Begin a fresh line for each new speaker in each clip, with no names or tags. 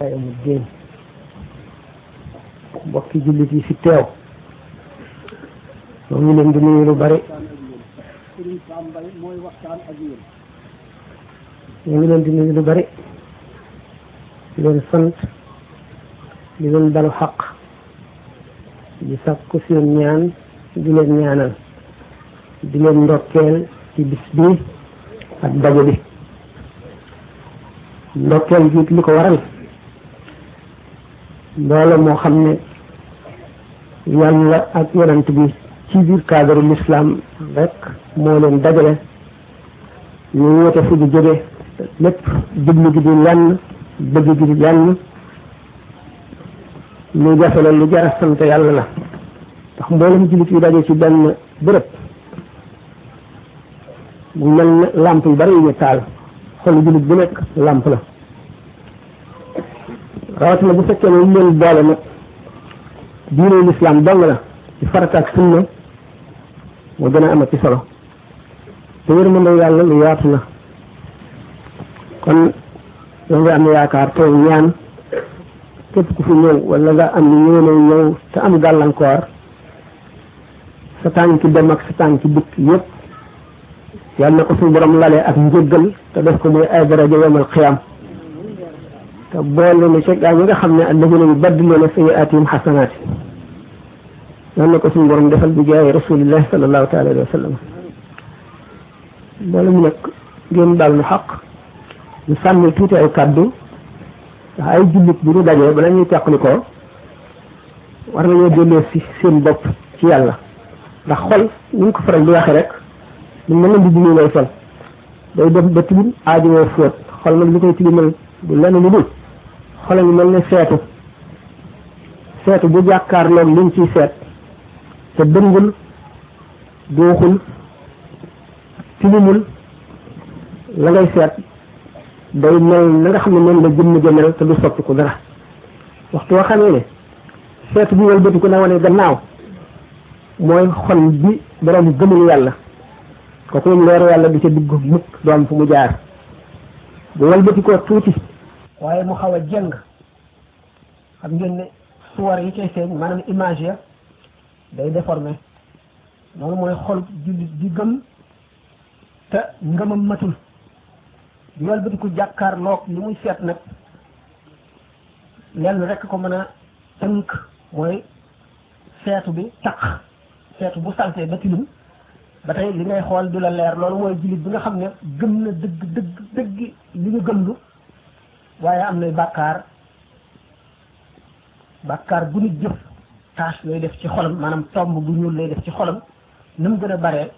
tey amul déen mbokki jullit yi fi teew ñoo ngi leen di nuyu lu bari ñoo ngi leen di nuyu lu bari di leen sant di balu xaq di sàkku seen ñaan di leen ñaanal di leen ndokkeel ci bis bi ak daje bi ndokkeel gi li ko waral loola moo xam ne yàlla ak yonent bi ci biir cadre l'islam rek moo leen dajale ñu woote fu ñu jóge lépp jublu gi di lenn bëgg gi di lenn lu jafe la lu jara sant yàlla la ndax mboolem jullit yu daje ci benn bërëb mel làmp yu bari yu ñu taal xolu jullit bu nekk làmp la na bu fekkee ne lu leen boole nag diine lislaam dong la ci farata ak sunna moo gën a amati solo te yërmande yàlla lu yaatu la kon yow nga am yaakaar te ñaan képp ku fi ñëw wala nga am yéene ñëw te am gàllankoor sa tànki dem ak sa tànki dikk yépp yàlla na ko suñu borom lalee ak njëggal te def ko muy ay daraja yomal xiyaam te boole na ca gaa ñi nga xam ne alladina yubaddiluuna sayyiaatihim xasanaat yal na ko suñ borom defal bi jaay rasulillahi sallallahu taala alayhi wa sallam boole mu nag ngeen baal nu xaq ñu sànni tuuti ay kàddu ndax ay jullit bu ñu dajee bala ñuy teqli ko war nañoo delloo si seen bopp ci yàlla ndax xol ni ñu ko faral di waxee rek ñu mën leen di dundee xolam yi mel ne seetu seetu bu jàkkaarloog liñ ciy seet te dëngul dooxul tilimul la ngay seet day mel na nga xam ne moom la jëmm ja te du soppi ko dara waxtu wa xamee seetu bi wal ko na wane gannaaw mooy xol bi borom gëmul yàlla kooku moom leeru yàlla du ca dugg mukk doom fu mu jaar bu wal tuuti waaye mu xaw a jëng xam ngeen ne suwar yi cay feeñ maanaam image ya day deforme loolu mooy xol jullit di gëm te ngëmam matul di walbatiku jàkkaarloog li muy seet nag lenn rekk ko mën a tënk mooy seetu bi taq seetu bu salte ba tilim ba tey li ngay xool du la leer loolu mooy jullit bi nga xam ne gëm na dëgg dëgg dëgg li ñu gëm lu waaye am na bàkkaar bàkkaar bu nit jëf taas lay def ci xolam maanaam tomb bu ñuul lay def ci xolam na mu gën a baree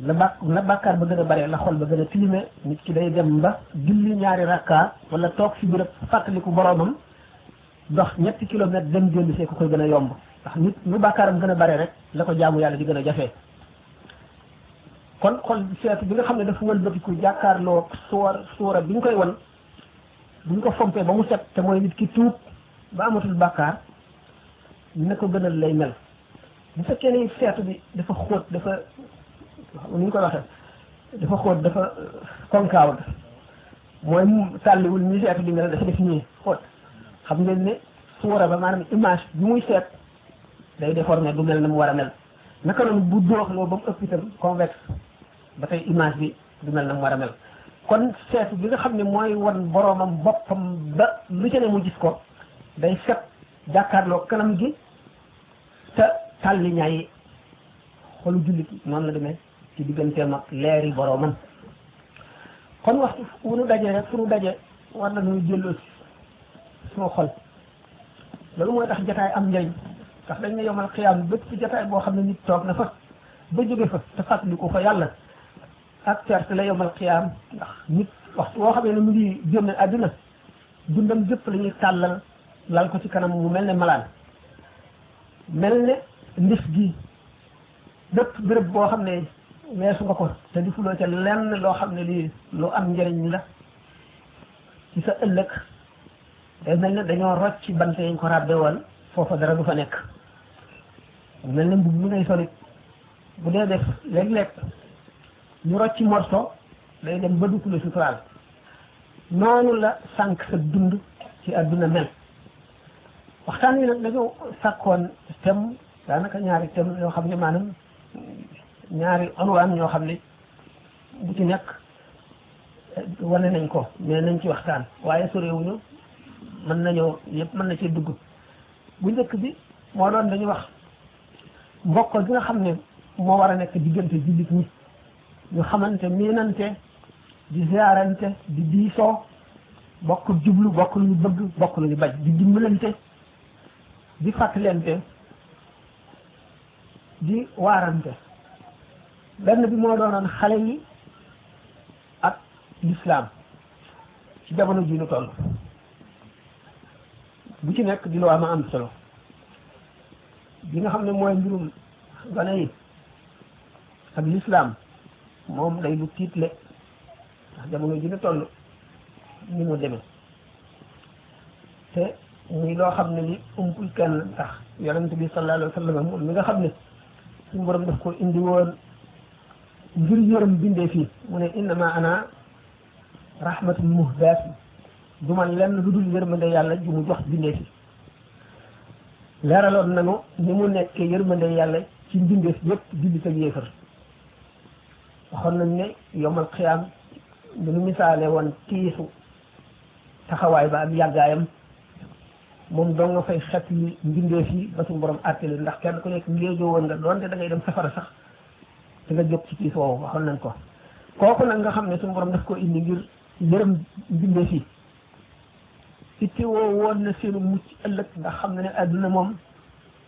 la bàkk na bàkkaar ba gën a bare la xol ba gën a tilime nit ki day dem ba julli ñaari rakka wala toog fi bërëb fàttaliku boroomam ndox ñetti kilomètre dem dellu see ko koy gën a yomb ndax nit lu bàkkaaram gën a bare rek la ko jaamu yàlla di gën a jafe kon xol seetu bi nga xam ne dafa wëlbatiku jàkkaarloo suwar suura bi ñu koy wan buñ ko fompee ba mu set te mooy nit ki tuub ba amatul bàkkaar ne ko gënal lay mel bu fekkee ne seetu bi dafa xóot dafa ni ñu ko waxee dafa xóot dafa konkaaw mooy mu tàlliwul ñuy seetu bi mel dafa def nii xóot xam ngeen ne suura ba maanaam image bi muy seet day déformé du mel na mu war a mel naka noonu bu dooxloo ba mu ëpp itam convexe ba tey image bi du mel na mu war a mel kon seetu bi nga xam ne mooy wan boroomam boppam ba lu ca ne mu gis ko day set jàkkaarloo kanam gi te tàlli ñaayi xolu jullit noonu la demee ci digganteem ak leeri boroomam kon waxtu wu nu dajee rek fu nu daje war na nuy jëlloo si sunu xol loolu mooy tax jataay am njëriñ ndax dañ ne yomal xiyaam bépp jataay boo xam ne nit toog na fa ba jóge fa te fàttaliku fa yàlla ak perte la yomal xiyaam ndax nit waxtu woo xamee ne mu ngi génn àdduna dundam gépp la ñuy tàllal lal ko ci kanam mu mel ne malaan mel ne ndif gi bépp béréb boo xam ne weesu nga ko te di fuloo ca lenn loo xam ne lii loo am njëriñ la ci sa ëllëg day mel ne dañoo rocc ci bant yañ ko ràbbe woon foofa dara du fa nekk mel ne mbubb mu ngay solit bu dee def léeg-léeg ñu ci morso day dem ba dugg la suturaal noonu la sànq sa dund ci àdduna mel waxtaan wi nag dañoo sàkkoon tem daanaka ñaari tem yoo xam ne maanaam ñaari onwaan yoo xam ne bu ci nekk eh, wane nañ ko mais nañ ci waxtaan waaye sorewuñu mën nañoo yëpp mën na ci dugg bu njëkk bi moo doon dañu wax mbokk gi nga xam ne moo war a nekk diggante jullit ñi ñu xamante miinante di ziarante di diisoo bokk jublu bokk lu ñu bëgg bokk lu ñu bañ di dimbalante di fàttalente di waarante benn bi moo doonoon xale yi ak lislaam ci jamono ji ñu bu ci nekk di lu am am solo bi nga xam ne mooy mbirum gone yi ak lislaam moom day lu tiitle ndax jamono ji ñu toll ni mu demee te muy loo xam ne li umpul kenn ndax yonent bi sallallahu alayhi mi nga xam ne ko indi woon ngir yërëm bindee fii mu ne innama ana rahmatul muhdaat du man lenn lu dul yërmande yàlla ju mu jox bindee fi leeraloon nanu ni mu nekkee yërmande yàlla ci mbindeef yépp jullit ak yéefar waxoon nañ ne yomal xiyaam bi nu misaale woon tiisu taxawaay ba ak yàggaayam moom doo nga fay xet li mbindeef yi ba suñu borom àtte ndax kenn ku nekk ngéejoo woon nga doonte da dangay dem safara sax da nga jóg ci tiis woowu waxoon nañ ko kooku nag nga xam ne suñu borom daf ko indi ngir yërëm mbindeef yi itti woo woon na seenu mucc ëllëg ndax xam ne ne àdduna moom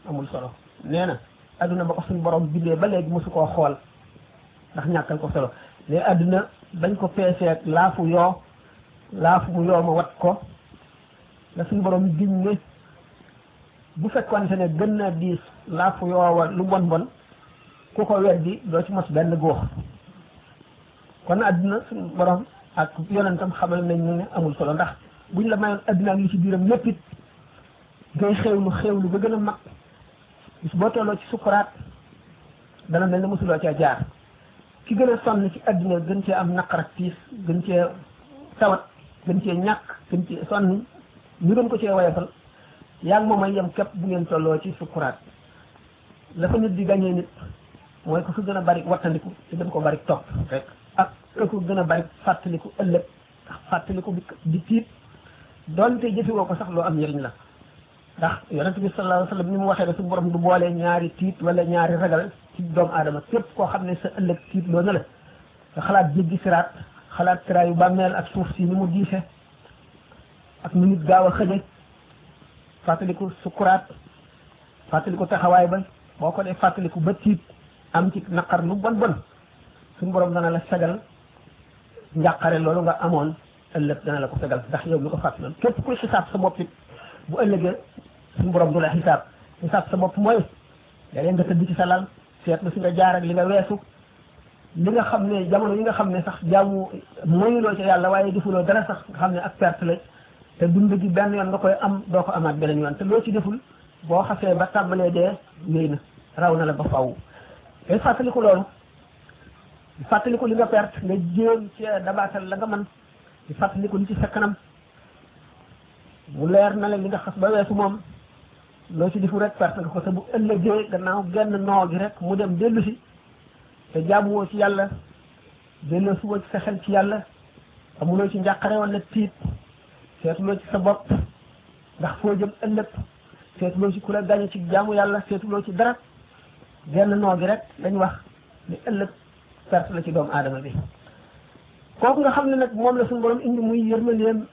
amul solo nee na àdduna ba ko suñ borom bindee ba léegi mosu koo xool ndax ñàkkal ko solo léegi àdduna bañ ko peesee ak laafu yoo laafu mu yoo ma wat ko la suñu boroom giñ ne bu fekk fekkoonte ne gën naa diis laafu yoowa lu bon bon ku ko weddi doo ci mos benn góox kon àdduna suñu borom ak yonentam xamal nañ ne amul solo ndax buñ la mayoon àdduna ak li ci biiram lépp xew ngay xewlu lu ba gën a mag bis boo tolloo ci sukuraat dana mel ne mosuloo caa jaar ki gën a sonn ci àddina gën cee am naqar ak tiis gën cee tawat gën cee ñàkk gën cee sonn ñu gën ko cee wayafal yaa ngi moom ay yem képp bu ngeen tolloo ci sukkuraat la fa nit di gañee nit mooy ko ko gën a bari wattandiku te ko bari topp ko gën a bari fàttaliku ëllëg fàttaliku di tiit doonte jëfewoo ko sax loo am njëriñ la ndax yonent bi sallallahu alayhi mu waxee ne suñu borom du boolee ñaari tiit walla ñaari ragal ci doomu aadama képp koo xam ne sa ëllëg tiit loo na nga xalaat jéggi siraat xalaat siraa yu bàmmeel ak suuf si ni mu diise ak nu nit gaaw a xëje fàttaliku sukuraat fàttaliku taxawaay ba boo ko dee fàttaliku ba tiit am ci naqar lu bon bon suñu borom dana la sagal njàqare loolu nga amoon ëllëg dana la ko sagal ndax yow mi ko fàttaloon képp kuy xisaab sa bopp bu ëllëgee suñu borom du la xisaab xisaab sa bopp mooy léeg-léeg nga tëdd ci sa lal seet ba fi nga jaar ak li nga weesu li nga xam ne jamono yi nga xam ne sax jaamu moyuloo ca yàlla waaye defuloo dara sax nga xam ne ak perte la te dund gi benn yoon nga koy am doo ko amaat beneen yoon te loo ci deful boo xasee ba tàmbalee dee wéy na raw na la ba faww day fàttaliku loolu fàttaliku li nga perte nga jéem cee dabaatal la nga man di fàttaliku li ci sa kanam mu leer na la li nga xas ba weesu moom loo ci defu rek perte nga ko te bu ëllëgee gannaaw genn noo gi rek mu dem dellu si te jàmmoo ci yàlla delloo suba ci sa ci yàlla amuloo ci njàqare wala tiit seetuloo ci sa bopp ndax foo jëm ëllëg seetuloo ci ku la gañe ci jaamu yàlla seetuloo ci dara genn noo gi rek lañ wax ni ëllëg perte la ci doomu aadama bi kooku nga xam ne nag moom la suñu borom indi muy yërmandeem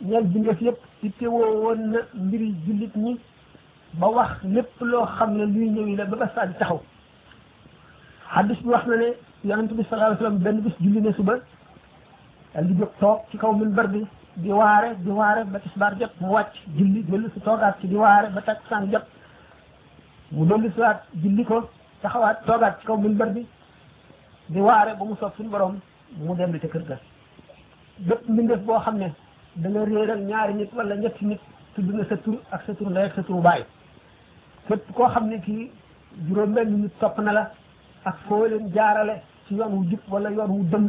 ñeel bindeef yëpp yittewoo woon na mbiri jullit ñi ba wax lépp loo xam ne luy ñëwi la ba ba saa di taxaw xaddis bi wax na ne yonent bi sallallahu alayhi wasallam benn bis julli ne suba dal di jóg toog ci kaw minbar bi di waare di waare ba tisbaar jot mu wàcc julli dellu di waare ba takkusaan jot mu dellu si waat julli ko taxawaat toogaat ci kaw minbar bi di waare ba mu soob suñu boroom mu dem li ca kër ga bépp mbindeef boo xam ne da nga réeral ñaari nit wala ñetti nit tudd na sa tur ak sa tur ndey ak sa turu baay képp koo xam ne kii juróom benn nit topp na la ak foo leen jaarale ci yoon wu jub wala yoon wu dëng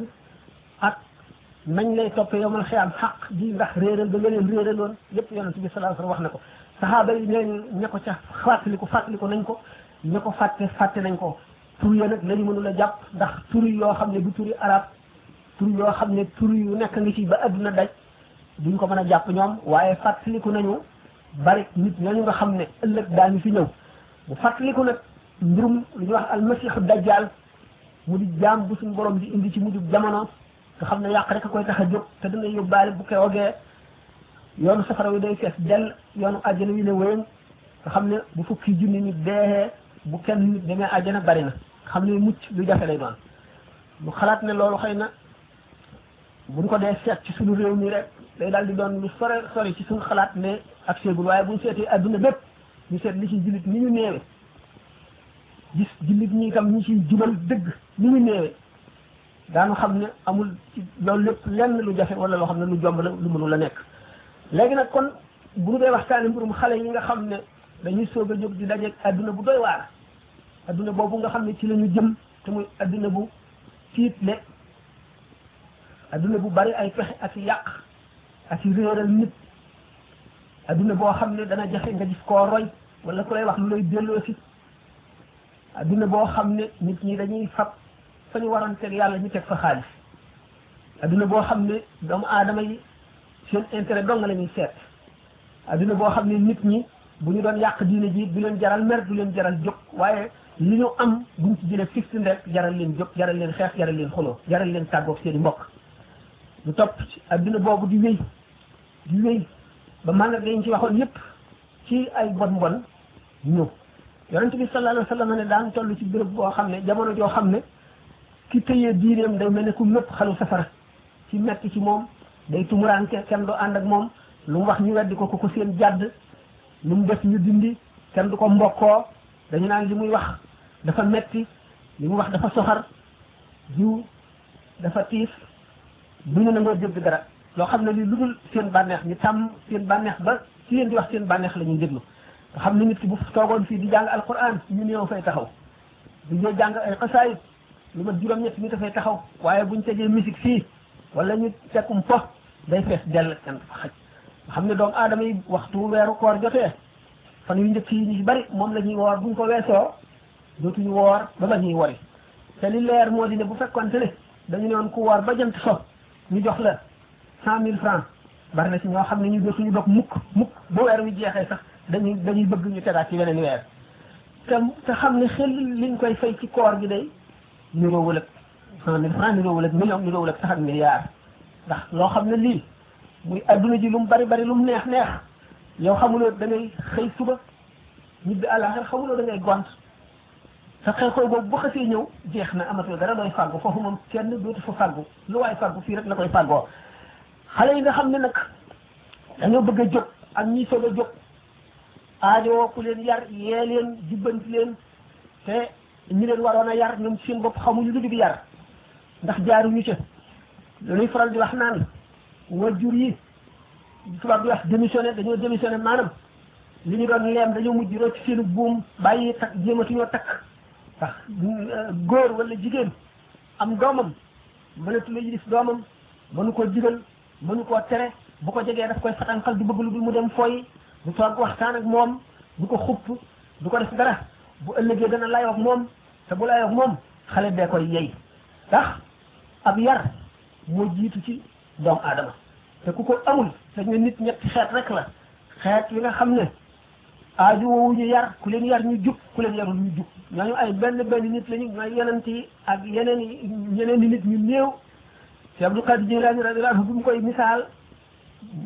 ak nañ lay toppee yomal xiyaam xaq ji ndax réeral ba nga leen réeraloon yépp yonent bi sallallahu alayhi wasallam wax na ko saxaaba yi neen ña ko ca fàttaliku fàttaliku nañ ko ña ko fàtte fàtte nañ ko tur ya nag lañu mënul a jàpp ndax tur yoo xam ne bu turi arab tur yoo xam ne tur yu nekk ngi ci ba adduna daj duñ ko mën a jàpp ñoom waaye fàttaliku nañu bari nit ñooñu nga xam ne ëllëg daañu fi ñëw bu fàttaliku nag mbirum lu ñuy wax almasiixu dajjaal mu di jaam bu suñu borom di indi ci mujj jamono nga xam ne yàq rek a koy tax a jóg te dina yóbbaale bu keroogee yoonu safara wi day fees dell yoonu àjjana wi ne wéyën nga xam ne bu fukki junni nit deexee bu kenn nit demee àjjana bari na xam ne mucc lu jafe lay doon mu xalaat ne loolu xëy na buñ ko de seet suñu réew mi rek day daal di doon lu sore sore ci suñu xalaat ne ak seegul waaye bu seetee àdduna bépp ñu seet li ci jullit ni ñu néewe gis jullit ñi itam ñi ciy jubal dëgg ni ñu néewe daanu xam ne amul loolu lépp lenn lu jafe wala loo xam ne lu jomb la lu mënu la nekk léegi nag kon bu ñu dee waxtaani mbirum xale yi nga xam ne dañuy soog a jóg di dajeeg àdduna bu doy waar àdduna boobu nga xam ne ci la jëm te muy adduna bu tiitle àdduna bu bari ay pexe ak yàq ak yu réeral nit aduna boo xam ne dana jafe nga gis koo roy wala ku lay wax lu lay delloo si aduna boo xam ne nit ñi dañuy fab fa ñu waroon teg yàlla ñu teg fa xaalis aduna boo xam ne doomu aadama yi seen intérêt dong la ñuy seet aduna boo xam ne nit ñi bu ñu doon yàq diine ji du leen jaral mer du leen jaral jóg waaye li ñu am buñ ci jëlee fix rek jaral leen jóg jaral leen xeex jaral leen xuloo jaral leen tàggoog seen i mbokk ñu topp ci aduna boobu di wéy yu rëy ba maanaam dañ ci waxoon yépp ci ay bon mbon ñëw yonent bi sallallahu alayhi wa sallam ne daan toll ci béréb boo xam ne jamono joo xam ne ki tëyee diineem day mel ni ku ñëpp xalu safara ci metti ci moom day tumuraanke kenn du ànd ak moom lu mu wax ñu weddi ko ku ko seen jàdd lu mu def ñu dindi kenn du ko mbokkoo dañu naan li muy wax dafa metti li mu wax dafa soxar jiw dafa tiis bu ne nangoo jëgg dara loo xam ne li lu dul seen bànneex ñu tàmm seen bànneex ba ci leen di wax seen bànneex la ñuy déglu xam ne nit ki bu toogoon fii di jàng al alquran ñu néew fay taxaw bu ñuy jàng ay xasaayit lu mat juróom-ñett ñu dafay taxaw waaye buñ tegee musique fii walla ñu tekkum po day fees dell kenn fa xam ne doomu aadama yi waxtu weeru koor jotee fan yu njëkk yi ñu bari moom la ñuy bu buñ ko weesoo dootuñu woor ba ba ñuy wori te li leer moo di ne bu fekkoon te ne dañu ne woon ku woor ba so ñu jox la cent mille francs bari na ci ñoo xam ne ñu dootuñu dog mukk mukk bu weer wi jeexee sax dañuy dañuy bëgg ñu tegaat ci weneen weer te te xam ne xel liñ koy fay ci koor gi day niroowul ak cent mille francs niroowul ak million niroowul ak sax ak milliard ndax loo xam ne lii muy adduna ji lum bari bari lum neex neex yow xamuloo da ngay xëy suba ñibbi àllaaxir xamuloo da ngay gont sa xew xew boobu bu xasee ñëw jeex na amatoo dara looy fàggu foofu moom kenn dootu fa fàggu lu waay fàggu fii rek la koy fàggoo xale yi nga xam ne nag dañoo bëgg a jóg ak ñi soog a jóg aajowoo leen yar yee leen jubbanti leen te ñi leen waroon a yar ñoom seen bopp xamuñu lu dul yar ndax jaaruñu ca looluy faral di wax naan wajur yi tubaab di wax dañoo démissionné maanaam li ñu doon leem dañoo mujj rocc seenu buum bàyyi takk jéematuñoo takk ndax euh, góor wala jigéen am doomam mënatu la yilif doomam mënu ko digal mënu koo tere bu ko jegee daf koy fatanqal du bëgg lu dul mu dem fooyi du toog waxtaan ak moom du ko xupp du ko def dara bu ëllëgee dana layoog moom te bu layoog moom xale bee koy yey ndax ab yar moo jiitu ci doomu adama te ku ko amul dañ ne nit ñetti xeet rek la xeet yi nga xam ne aaju woowu ñu yar ku leen yar ñu jub ku leen yarul ñu jub ñooñu ay benn benn nit lañu ñooy yonent yi ak yeneen yi ñeneen nit ñu néew si Abdul Qadir Jilaani radiyallaahu anhu bu mu koy misaal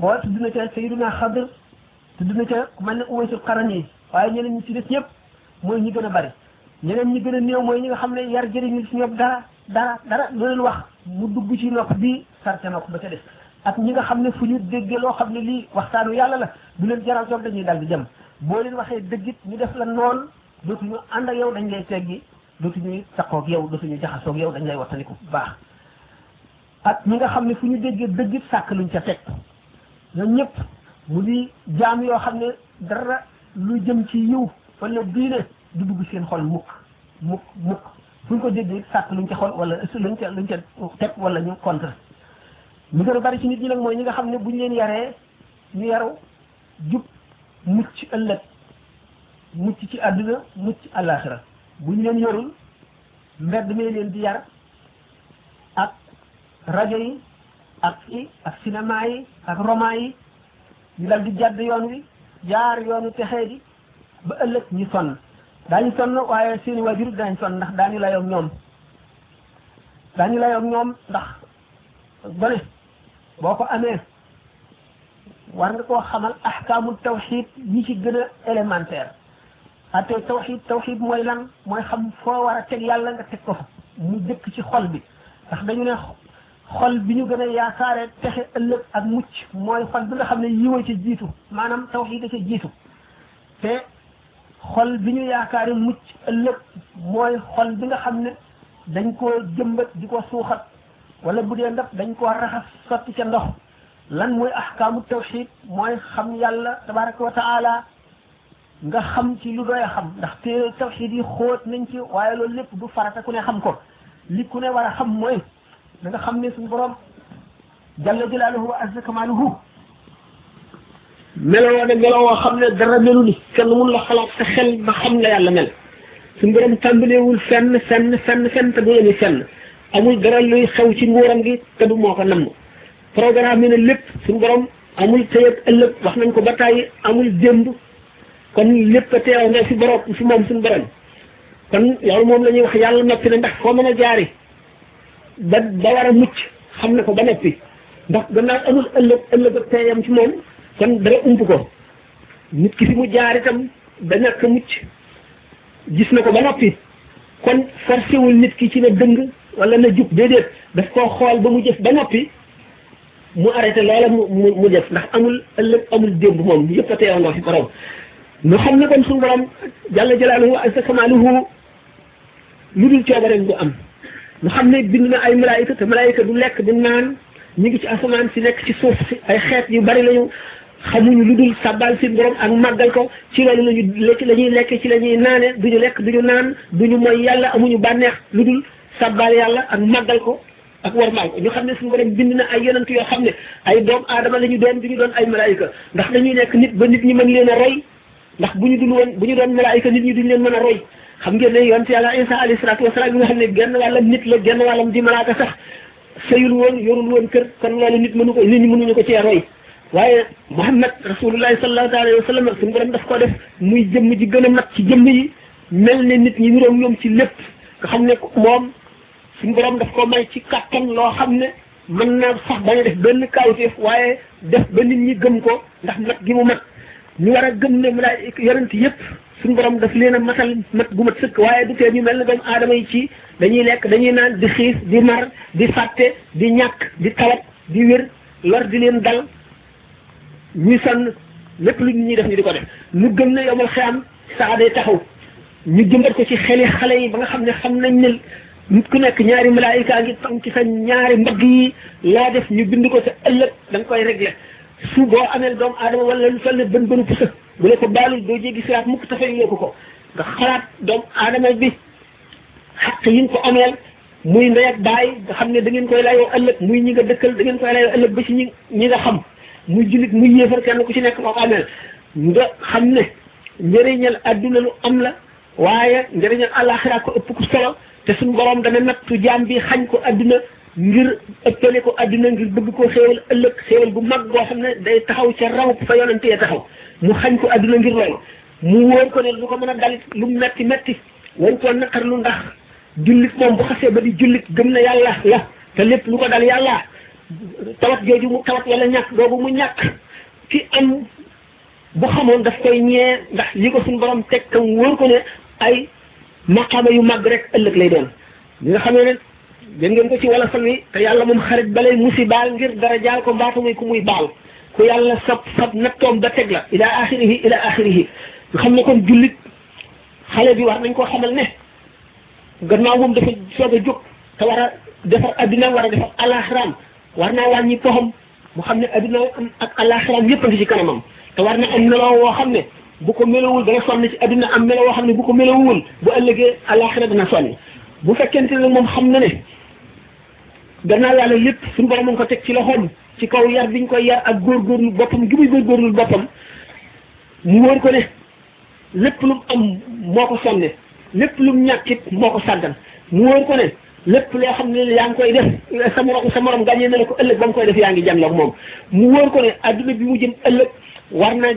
boo tudd na ca Sayyiduna Xadr tudd na ca ku mel ne Uwaysul Qarani waaye ñeneen ñi ci def ñëpp mooy ñi gën a bari ñeneen ñi gën a néew mooy ñi nga xam ne yar jëriñu ci ñoom dara dara dara lu wax mu dugg ci nopp bii sar ca nopp ba ak ñi xam ne fu ñu déggee loo xam ne lii waxtaanu yàlla la du leen jaral toog dañuy dal di dem boo leen waxee dëggit ñu def la noon dootuñu ànd ak yow dañ lay teggi dootuñuy saqoog yow dootuñu jaxasoog yow dañ lay wattaniku bu baax ak ñi nga xam ne fu ñu déggee dëgg sàkk luñ ca teg ñoom ñëpp mu di jaam yoo xam ne dara lu jëm ci yiw wala diine du dugg seen xol mukk mukk mukk fu ñu ko déggee sàkk luñ ca xol wala luñ ca luñ ca teg wala ñu contre ñu gën a bari ci nit ñi nag mooy ñi nga xam ne bu ñu leen yaree ñu yaru jub mucc ëllëg mucc ci àdduna mucc àllaaxira buñ leen yarul mbedd mi leen di yar rajo yi ak yi ak yi ak roman yi ñu di jàdd yoon wi jaar yoonu texee di ba ëllëg ñu sonn daañu sonn waaye seeni waajur daañu sonn ndax daañu layoog ñoom daañu layoog ñoom ndax gone boo ko amee war nga koo xamal ahkaamul tawxid ñi ci gën a élémentaire ate tawxid tawxid mooy lan mooy xam foo war a teg yàlla nga teg ko fa mu jëkk ci xol bi ndax dañu ne xol bi ñu gën a yaakaare texe ëllëg ak mucc mooy xol bi nga xam ne yiwa ci jiitu maanaam tawxiida ci jiitu te xol bi ñu yaakaare mucc ëllëg mooy xol bi nga xam ne dañ koo jëmbat di ko suuxat wala bu dee ndab dañ koo raxas sotti ca ndox lan mooy ahkaamu tawxid mooy xam yàlla tabaraka wa taala nga xam ci lu doy xam ndax téere tawxid yi xóot nañ ci waaye loolu lépp du farata ku ne xam ko li ku ne war a xam mooy da nga xam ne suñu borom jalla jilaaluhu wa azza kamaaluhu meloo ne meloo woo xam ne dara melu ni kenn mun la xalaat sa xel ba xam la yàlla mel suñu borom tàmbaleewul fenn fenn fenn fenn te du yemi fenn amul dara luy xew ci nguuram gi te du moo ko namm programme yi ne lépp suñu borom amul teyeg ëllëg wax nañ ko ba tàyyi amul démb kon lépp a teew ne si borom si moom suñu borom kon loolu moom la ñuy wax yàlla noppi na ndax foo mën a jaari da da war a mucc xam na ko ba noppi ndax gannaaw amul ëllëg ëllëg ak teeyam ci moom kon dara ump ko nit ki fi mu jaar itam da ñàkk a mucc gis na ko ba noppi kon forcé wul nit ki ci na dëng wala na jub déedéet daf koo xool ba mu jëf ba noppi mu arrêté loola mu mu jëf ndax amul ëllëg amul démb moom yëpp a teewandoo fi borom xam ne kon suñu borom jàlla jalaaluhu ak sa kamaaluhu lu dul coobareem du am nga xam ne bind na ay malaayika te malaayika du lekk du naan ñu ngi ci asamaan si nekk ci suuf si ay xeet yu bari lañu xamuñu lu dul sàbbal seen borom ak màggal ko ci loolu lañu lekk la ñuy lekk ci la ñuy naane duñu lekk duñu naan duñu mooy yàlla amuñu bànneex lu dul sàbbal yàlla ak màggal ko ak warmaal ko ñu xam ne suñu borom bind na ay yonent yoo xam ne ay doom aadama la ñu doon duñu doon ay malaayika ndax dañuy nekk nit ba nit ñi mën leen a roy ndax bu ñu dul woon bu ñu doon malaayika nit ñi duñ leen mën a roy xam ngeen ne yoon si yàlla Isa alayhi salaatu wasalaam bi nga xam ne genn wàllam nit la genn wàllam di malaaka sax sëyul woon yorul woon kër kon loolu nit mënu ko nit ñi mënuñu ko cee roy waaye Muhammad rasulullahi sallallahu alayhi wa sallam suñu borom daf ko def muy jëmm ji gën a mat ci jëmm yi mel ne nit ñi niroom ñoom ci lépp nga xam ne moom suñu borom daf ko may ci kàttan loo xam ne mën naa sax bañ a def benn kawteef waaye def ba nit ñi gëm ko ndax mat gi mu mat ñu war a gëm ne malaayika yonent yëpp suñu borom daf leen a matal mat gu mat sëkk waaye du tee ñu mel ne doomu aadama yi ci dañuy lekk dañuy naan di xiis di mar di fàtte di ñàkk di tawat di wér lor di leen dal ñuy sonn lépp lu ñuy def ñu di ko def ñu gëm ne yomal am saa day taxaw ñu jëmbat ko ci xeli xale yi ba nga xam ne xam nañ ne nit ku nekk ñaari malaayika ngi tam ci sa ñaari mbagg yi laa def ñu bind ko sa ëllëg da koy régler su boo amee doomu aadama wala lu toll ne bën bënu pusa bu la ko baalul doo jéggi siraat mukk tafay yokku ko nga xalaat doomu aadama bi xaq yi nga ko ameel muy ndey baay nga xam ne da ngeen koy layoo ëllëg muy ñi nga da ngeen koy layoo ba ci ñi ñi xam muy jullit muy yéefar kenn ku ci nekk moo ko ameel nga xam ne njëriñal adduna lu am la waaye njëriñal àllaaxira ko ëpp ku solo te suñu borom dana nattu jaam bi xañ ko adduna ngir ëppale ko àddina ngir bëgg ko xéewal ëllëg xéewal bu mag boo xam ne day taxaw ca raw fa yonante ya taxaw mu xañ ko àddina ngir loolu mu wóor ko ne lu ko mën a dalit lu metti metti wañ koo naqar lu ndax jullit moom bu xasee ba di jullit gëm na yàlla la te lépp lu ko dal yàlla tawat jooju mu tawat wala ñàkk boobu mu ñàkk ki am bu xamoon daf koy ñee ndax li ko suñ borom teg mu wóor ko ne ay maqaama yu mag rek ëllëg lay doon li nga xamee ne dégg ngeen ko ci wolofal wi te yàlla moom xarit balay musi baal ngir dara jaal ko mbaata muy ku muy baal ku yàlla sab sab nattoom ba teg la ila axirihi ila axirihi nga xam ne kon jullit xale bi war nañ koo xamal ne gannaaw moom dafa soog a jóg te war a defar addina war a defar alaxiraam war naa wàññi poxam mu xam ne addina ak alaxiraam yépp a ngi ci kanamam te war na am meloo woo xam ne bu ko melowul dana sonn ci addina am meloo woo xam ne bu ko melowul bu ëllëgee alaxira dana sonn bu fekkente ne moom xam na ne gannaaw yàlla lépp suñu borom mu ko teg ci loxoom ci kaw yar biñ koy yar ak góorgóorlu boppam gi muy góorgóorlu boppam mu wóor ko ne lépp lu mu am moo ko sonne lépp lu mu ñàkkit moo ko sàggan mu wóor ko ne lépp lee xam ne yaa ngi koy def sa morom sa morom gàññee na la ko ëllëg ba nga koy def yaa ngi jàng moom mu wóor ko ne adduna bi mu jëm ëllëg war na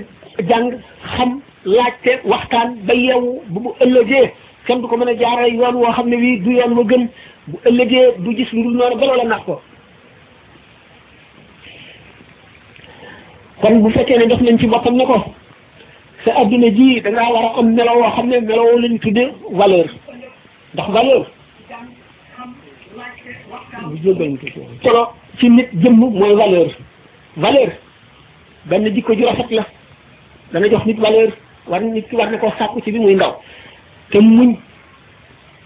jàng xam laajte waxtaan ba yeewu bu mu ëllëgee kenn du ko mën a jaarale yoon woo xam ne wii du yoon wa gën bu ëllëgee du gis lu dul noonu ba loola nax ko kon bu fekkee ne def nañ ci boppam ne ko sa adduna ji da ngaa war a am melo woo xam ne melo lañ tudde valeur ndax valeur solo ci nit jëmm mooy valeur valeur benn jikko ju rafet la dana jox nit valeur war nit ki war ne ko sàkku ci bi muy ndaw te muñ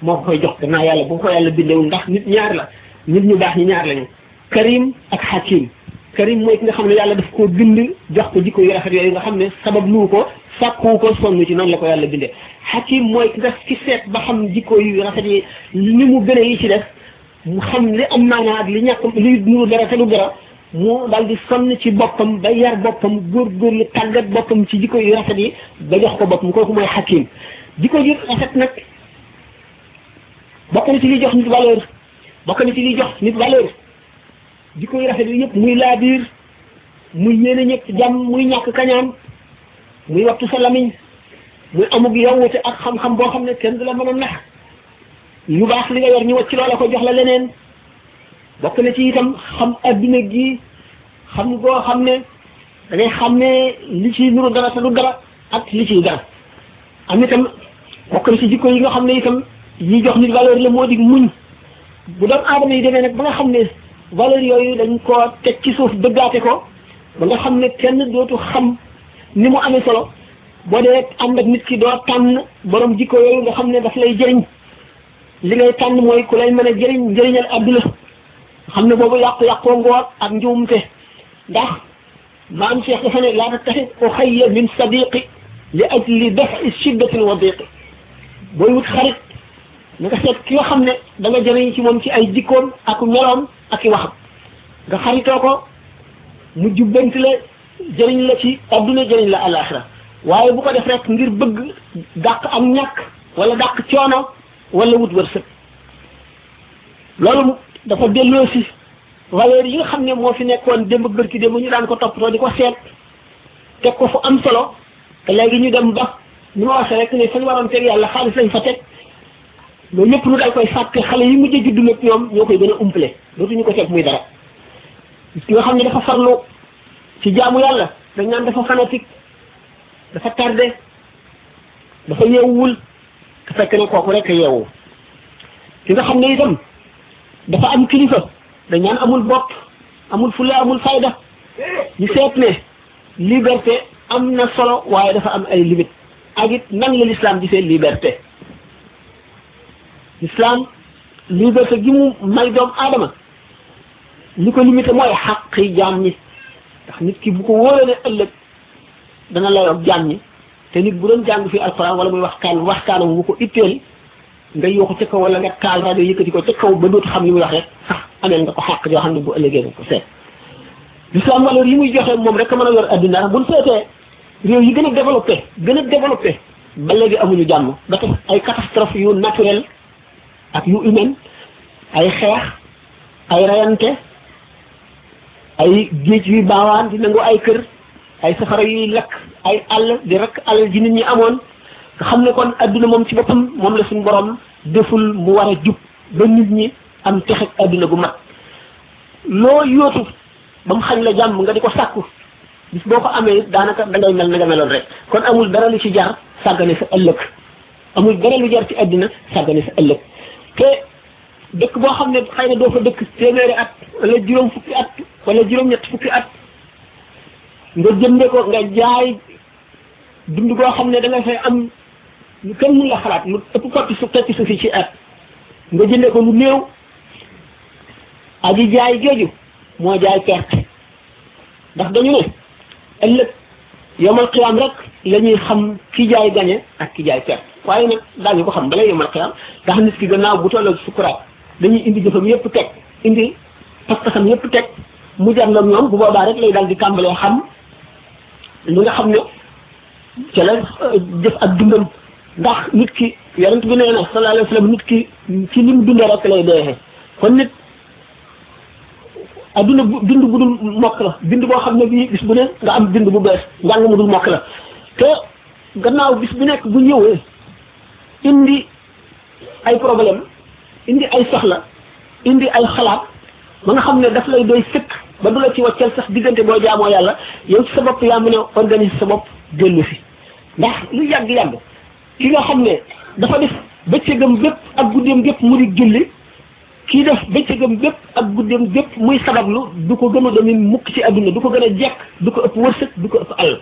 moo koy jox gannaaw yàlla bu ko yàlla bindewul ndax nit ñaar la nit ñu baax ñi ñaar lañu karim ak hakim karim mooy ki nga xam ne yàlla daf koo bind jox ko jikko yu rafet yooyu nga xam ne sabab luu ko sàkku ko sonn ci noonu la ko yàlla bindee hakim mooy ki nga ci seet ba xam jikko yu rafet yi ni mu gëne yi ci def mu xam li am maanaa ak li ñàkk li nuru dara te lu dara mu daal di sonn ci boppam ba yar boppam góorgóorlu tàggat boppam ci jikko yu rafet yi ba jox ko boppam kooku mooy hakim jikko ju rafet nag bokk na ci liy jox nit valeur bokk na ci liy jox nit valeur jikko yu rafet yi yëpp muy laabiir muy yéene ñëpp jàmm muy ñàkk kañaan muy wattu sa lamiñ muy amug yowwute ak xam-xam boo xam ne kenn du la mën a nax lu baax li nga yor ñu wacc loola ko jox la leneen bokk na ci itam xam adduna gi xam boo xam ne da xam ne li ci nuru dara te du dara ak li ci dara am itam bokkal ci jikko yi nga xamne itam yi jox nit valeur la modi muñ bu doom aadama yi demee nag ba nga xam ne valeur yooyu dañ ko teg ci suuf dëggaate ko ba nga xam ne kenn dootu xam ni mu amee solo boo dee ànd ak nit ki doo tànn borom jikko yooyu nga xam ne daf lay jëriñ li ngay tànn mooy ku lay mën a jëriñ jëriñal àdduna xam ne boobu yàqu-yàqoo ngoor ak njuumte ndax maam cheikh dafa ne laa ko uxayya min sadiqi li ajli dafa shiddatin wa diqi booy wut xarit na nga seet ki yoo xam ne danga nga ci moom ci ay jikkoom ak meloom ak i waxam nga xaritoo ko mu jubbanti la jëriñ la ci adduna jëriñ la alaxira waaye bu ko def rek ngir bëgg dàq am ñàkk wala dàq coono wala wut wërsëg loolu dafa delloo si yi nga xam ne moo fi nekkoon démb bërki démb ñu daan ko toppatoo di ko seet teg ko fu am solo te léegi ñu dem ba ñu ma waxee rek ne fañ teg yàlla xaalis lañ fa teg loolu yëpp ñu daal koy fàtte xale yi mujj a juddu nag ñoom ñoo koy gën a umpale ñu ko teg muy dara ki xam ne dafa farlu ci jaamu yàlla dañ naan dafa fanatik dafa tardé dafa yeewul te fekk ne kooku rek yeewu ki nga xam ne itam dafa am kilifa dañ naan amul bopp amul fulla amul fayda ñu seet ne liberté am na solo waaye dafa am ay limite ak it nan la l'islam gisee liberté l'islam liberté gi mu may doomu aadama li ko limité mooy xaq yi jaam ñi ndax nit ki bu ko wóoree ne ëllëg dana layoog jaam ñi te nit bu doon jàng fii alxuraan wala muy wax kaal wax kaalam bu ko itteel nga yooxu ca kaw wala nga kaal rajo yëkkati ko ca kaw ba dootu xam li muy wax rek sax ameel nga ko xàq yoo xam ne bu ëllëgee nga ko seet l'islam valeur yi muy joxe moom rek a mën a yor adduna buñ seetee réew yi gën a développé gën a développé ba léegi amuñu jàmm ba tax ay catastrophe yu naturel ak yu humaine ay xeex ay rayante ay géej yuy baawaan di nangu ay kër ay safara yuy lakk ay àll di rakk àll ji nit ñi amoon nga xam ne kon adduna moom ci boppam moom la suñu borom deful mu war a jub ba nit ñi am texeg adduna gu mat loo yootu ba mu xañ la jàmm nga di ko sàkku bis boo ko amee daanaka dangay mel na nga meloon rek kon amul dara lu ci jar sàggane sa ëllëg amul dara jar ci àddina sàggane sa ëllëg te dëkk boo xam ne xëy na doo fa dëkk téeméeri at wala juróom fukki at wala juróom-ñett fukki at nga jënde ko nga jaay dund boo xam ne dangay nga fay am lu kenn mun la xalaat lu ëpp kotti su tekki su fi ci at nga jënde ko lu néew aji jaay jooju moo jaay perte ndax dañu ne ëllëg yomal xiyaam rek la ñuy xam ki jaay gañe ak ki jaay perte waaye nag daañu ko xam balay yomal xiyaam ndax nit ki gannaaw bu tolloo sukuraat dañuy indi jëfam yëpp teg indi pas-pasam yëpp teg mu jar nag ñoom bu boobaa rek lay daal di tàmbalee xam li nga xam ne ca euh, jëf ak dundam ndax nit ki yonent bi nee na sallallahu alayhi nit ki ci lim dundee rek kon nit adduna bind bu dul mokk la bind boo xam ne bii bis bu ne nga am bind bu bees njàng mu dul mokk la te gannaaw bis bu nekk bu ñëwee indi ay problème indi ay soxla indi ay xalaat ba nga xam ne daf lay doy sëkk ba du la ci wàcceel sax diggante boo jaamoo yàlla yow ci sa bopp yaa mën a organiser sa bopp dellu si ndax lu yàgg-yàgg ki nga xam ne dafa def bëccëgam bépp ak guddeem gépp mu di julli kii def bëccëgam bépp ak guddeem bépp muy sabablu du ko gën a domin mukk ci adduna du ko gën a jekk du ko ëpp wërsëg du ko ëpp àll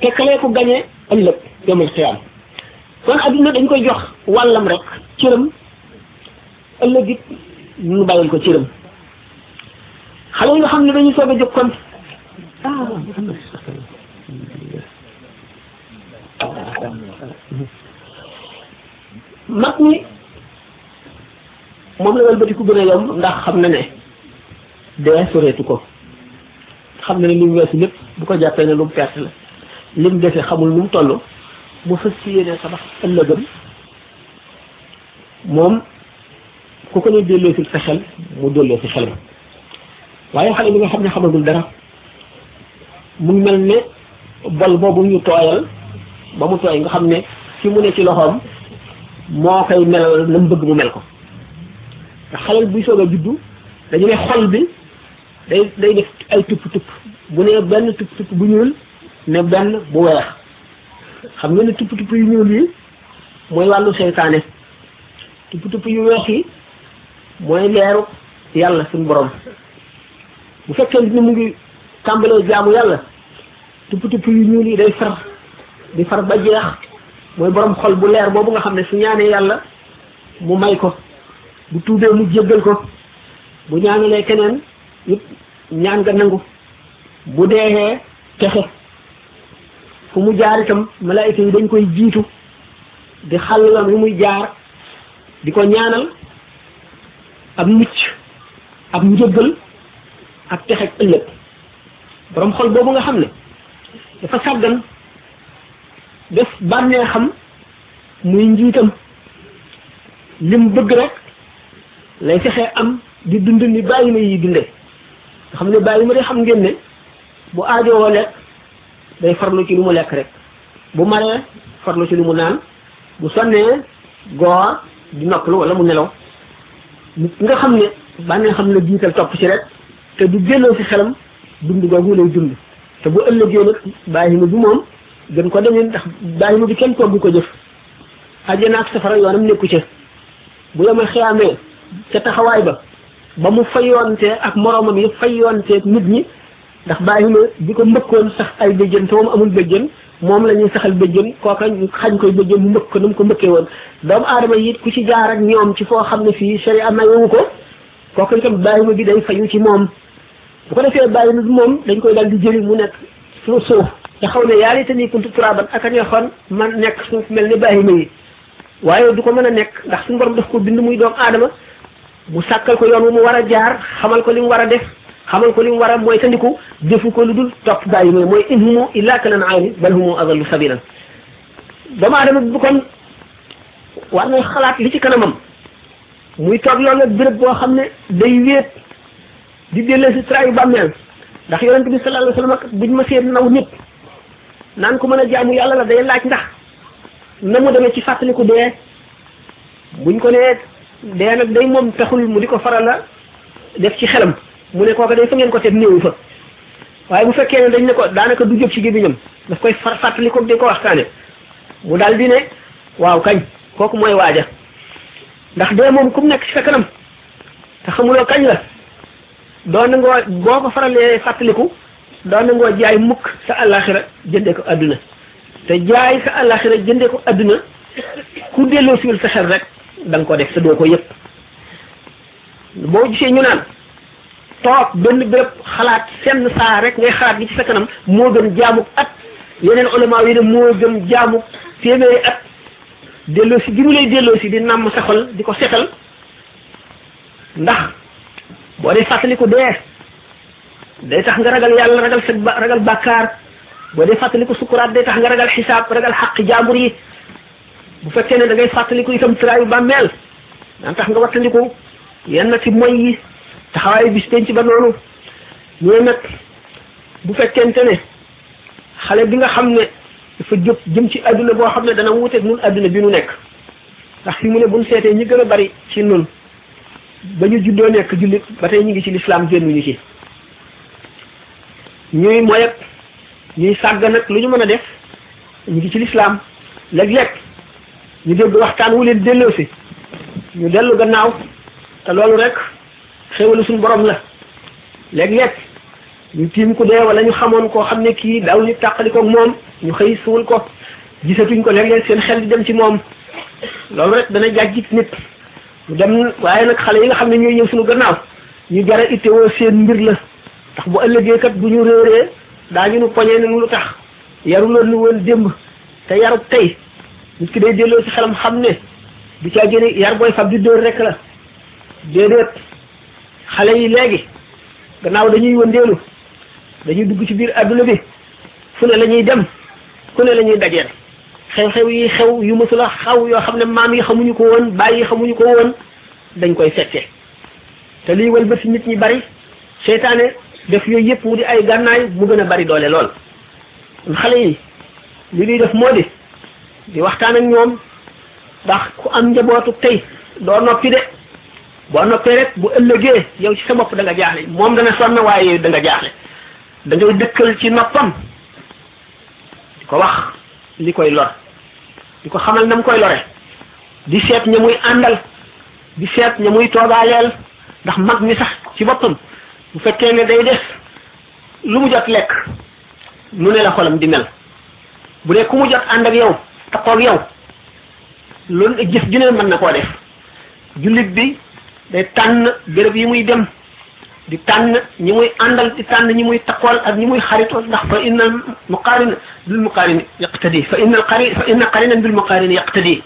te kalee ko gañee ëllëg yomal xiyaam kon adduna dañ koy jox wàllam rek cëram ëllëg it ñu bàyyil ko cëram xale yi nga xam ne dañu soog a jóg kon mag ñi moom la wëlbatiku gën a yomb ndax xam na ne dee soreetu ko xam na ne li mu weesu lépp bu ko jàppee ne lu mu perte la li mu defee xamul nu mu toll mu fas ci yéene tabax ëllëgam moom ku ko ne delloo si sa xel mu delloo si xelam waaye xale bi nga xam ne xamagul dara mu mel ne bol boobu ñu tooyal ba mu tooy nga xam ne fi mu ne ci loxoom moo koy melal na mu bëgg mu mel ko te xalal buy soog a juddu dañu ne xol bi day day def ay tupp-tupp bu nee benn tupp-tupp bu ñuul ne benn bu weex xam nga ni tupp-tupp yu ñuul yi mooy wàllu seytaane tupp-tupp yu weex yi mooy leeru yàlla suñ boroom bu fekkee ni mu ngi tàmbalee jaamu yàlla tupp-tupp yu ñuul yi day far di far ba jeex mooy boroom xol bu leer boobu nga xam ne su ñaanee yàlla mu may ko bu tuubee mu jéggal ko bu ñaanalee keneen it ñaan nga nangu bu deexee texe fu mu jaar itam malaayika yi dañ koy jiitu di xàllalam yu muy jaar di ko ñaanal ak mucc ab njëggal ak texeg ëllëg borom xol boobu nga xam ne dafa sàggan def bànnee xam muy njiitam lim bëgg rek lay fexee am di dund ni bàyyi ma yi dundee nga xam ne bàyyi ma de xam ngeen ne bu aajowoo lekk day farlu ci lu mu lekk rek bu maree farlu ci lu mu naan bu sonnee goor di noppalu wala mu nelaw nga xam ne bànnee xam ne jiital topp ci rek te du génnoo ci xelam dund googu lay dund te bu ëllëgee nag bàyyi ma bi moom gën ko demee ndax bàyyi ma bi kenn togg ko jëf àjjana ak safara yoonam nekku ca bu yemee xiyaamee ca taxawaay ba ba mu fayoonte ak moroomam yi fayoonte nit ñi ndax bàyyi ma bi ko mbëkkoon sax ay bëjjën te moom amul bëjjën moom la ñuy saxal bëjjën kooka xañ koy bëjjën mu mbëkk ko na ko mbëkkee woon doomu aadama yi ku ci jaar ak ñoom ci foo xam ne fii sharia mayewu ko kooka itam bàyyi ma bi day fayu ci moom bu ko defee bàyyi ma bi moom dañ koy daal di jëli mu nekk suuf suuf nga xaw ne yaa laytanii kuntu turaaban ak a neexoon man nekk suuf mel ni bàyyi ma yi waaye du ko mën a nekk ndax suñu borom daf ko bind muy doomu aadama mu sàkkal ko yoon wu mu war a jaar xamal ko li mu war a def xamal ko li mu war a mooy tandiku defu ko lu dul topp gaa yi mooy mooy in humu illa kalan ayni bal humu adallu sabilan doomu bu kon war na xalaat li ci kanamam muy toog loolu nag béréb boo xam ne day wéet di delloo si tra bàmmeel ndax yonent bi sallallahu alayhi wa sallam buñ ma seet naw nit naan ko mën a jaamu yàlla la day laaj ndax na mu demee ci fàttaliku dee buñ ko nee dee nag day moom taxul mu di ko faral a def ci xelam mu ne kooka day fa ngeen ko te néewu fa waaye bu fekkee ne dañ ne ko daanaka du jóg ci gémmiñam daf koy far fàttali ko di ko waxtaane mu daal di ne waaw kañ kooku mooy waaja ndax dee moom ku mu nekk ci sa kanam te xamuloo kañ la doon na ngoo boo ko faralee fàttaliku doon na ngoo jaay mukk sa àllaaxira jëndee ko àdduna te jaay sa àllaaxira jëndee ko àdduna ku delloosiwul sa xel rek danga nga ko def te doo ko yëg boo gisee ñu naan toog benn béréb xalaat seen saa rek ngay xalaat gi ci sa kanam moo gën jaamu at yeneen ulama yi ne moo gën jaamu téeméeri at delloo si gi mu lay delloo si di nam sa di ko setal ndax boo dee fàttaliku dee day tax nga ragal yàlla ragal sa ragal bàkkaar boo dee fàttaliku sukuraat day tax nga ragal xisaab ragal xaq jaambur yi bu fekkee ne da fàttaliku itam tiraayu bàmmeel daan tax nga wattandiku yenn ci moy yi taxawaayu bis penc ba noonu ñu ne nag bu fekkente ne xale bi nga xam ne dafa jëp jëm ci adduna boo xam ne dana wuuteeg nun adduna bi nu nekk ndax fi mu ne buñ seetee ñi gën a bari ci nun ba ñu juddoo nekk jullit ba tey ñu ngi ci lislaam génnuñu ci ñuy moyet ñuy sàgg nag lu ñu mën a def ñu ngi ci lislaam léeg-léeg ñu dégg waxtaan wu leen delloosi ñu dellu gannaaw te loolu rek xéwalu suñu borom la léeg-léeg ñu tiim ku dee wala ñu xamoon koo xam ne kii daaw ñu tàqali ko moom ñu xëy suul ko gisatuñ ko léeg-léeg seen xel di dem ci moom loolu rek dana jàjjit nit mu dem waaye nag xale yi nga xam ne ñooy ñëw suñu gannaaw ñu jara ittewoo seen mbir la ndax bu ëllëgee bu ñu réeree daañu nu poñee ne nu lu tax yaruloon nu woon démb te yarub tey nit ki day delloo ci xelam xam ne du caa génne yar booy fab di dóor rek la déedéet xale yi léegi gannaaw dañuy wëndeelu dañuy dugg ci biir adduna bi fu ne la ñuy dem ku ne la ñuy dajeel xew-xew yi xew yu mësula xaw yoo xam ne maam yi xamuñu ko woon baay yi xamuñu ko woon dañ koy fekke te liy wëlbati nit ñi bari seytaane def yooyu yëpp mu di ay gànnaay mu gën a bari doole lool kon xale yi li ñuy def moo di di waxtaan ak ñoom ndax ku am njabootu tey doo noppi de boo noppee rek bu ëllëgee yow ci sa bopp da nga jaaxle moom dana sonn waaye yow da nga jaaxle da dëkkal ci noppam di ko wax li koy lor di ko xamal na mu koy lore di seet ña muy àndal di seet ña muy toogaaleel ndax mag mi sax ci boppam bu fekkee ne day def lu mu jot lekk mu ne la xolam di mel bu dee ku mu jot ànd ak yow takkoog yow loolu gis ju ne mën na koo def jullit bi day tànn béréb yi muy dem di tànn ñi muy àndal di tànn ñi muy takkool ak ñi muy xaritoo ndax fa inna muqarin bil muqarin yaqtadi fa inna qarin fa inna qarinan bil muqarin yaqtadi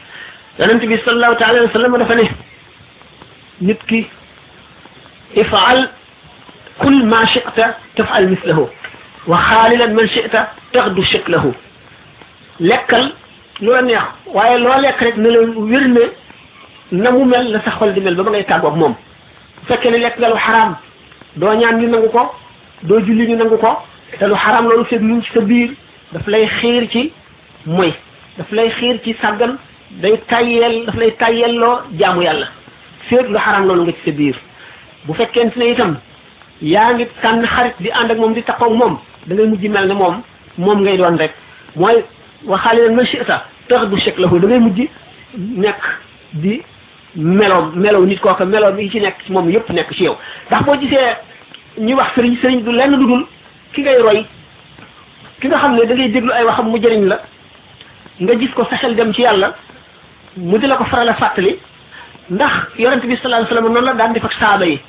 yonente bi salallahu taala alayhi wa sallam dafa ne nit ki ifaal كل ما شئت تفعل مثله وخاللا من شئت تغدو شكله لكل lu la neex waaye loo lekk rek ne la wér ne na mu mel la sa xol di mel ba ba ngay tàggoog moom bu fekkee ne lekk nga lu xaraam doo ñaan ñu nangu ko doo julli ñu nangu ko te lu xaraam loolu feeg ñu ci sa biir daf lay xiir ci moy daf lay xiir ci sàggan day tayyeel daf lay tayyelloo jaamu yàlla feeg lu xaraam loolu nga ci sa biir bu fekkente ne itam yaa ngi tànn xarit di ànd ak moom di takkoog moom da ngay mujj mel ne moom moom ngay doon rek mooy waxaale leen ma chita taxdu shaklahu da ngay mujj nekk di meloom melow nit kooka meloom yi ci nekk moom yépp nekk ci yow ndax boo gisee ñuy wax sëriñ sëriñ du lenn dudul ki ngay roy ki nga xam ne da ngay déglu ay waxam mu jëriñ la nga gis ko fexel dem ci yàlla mu di la ko faral a fàttali ndax yonente bi salaa sallam noonu la daan def ak saaba yi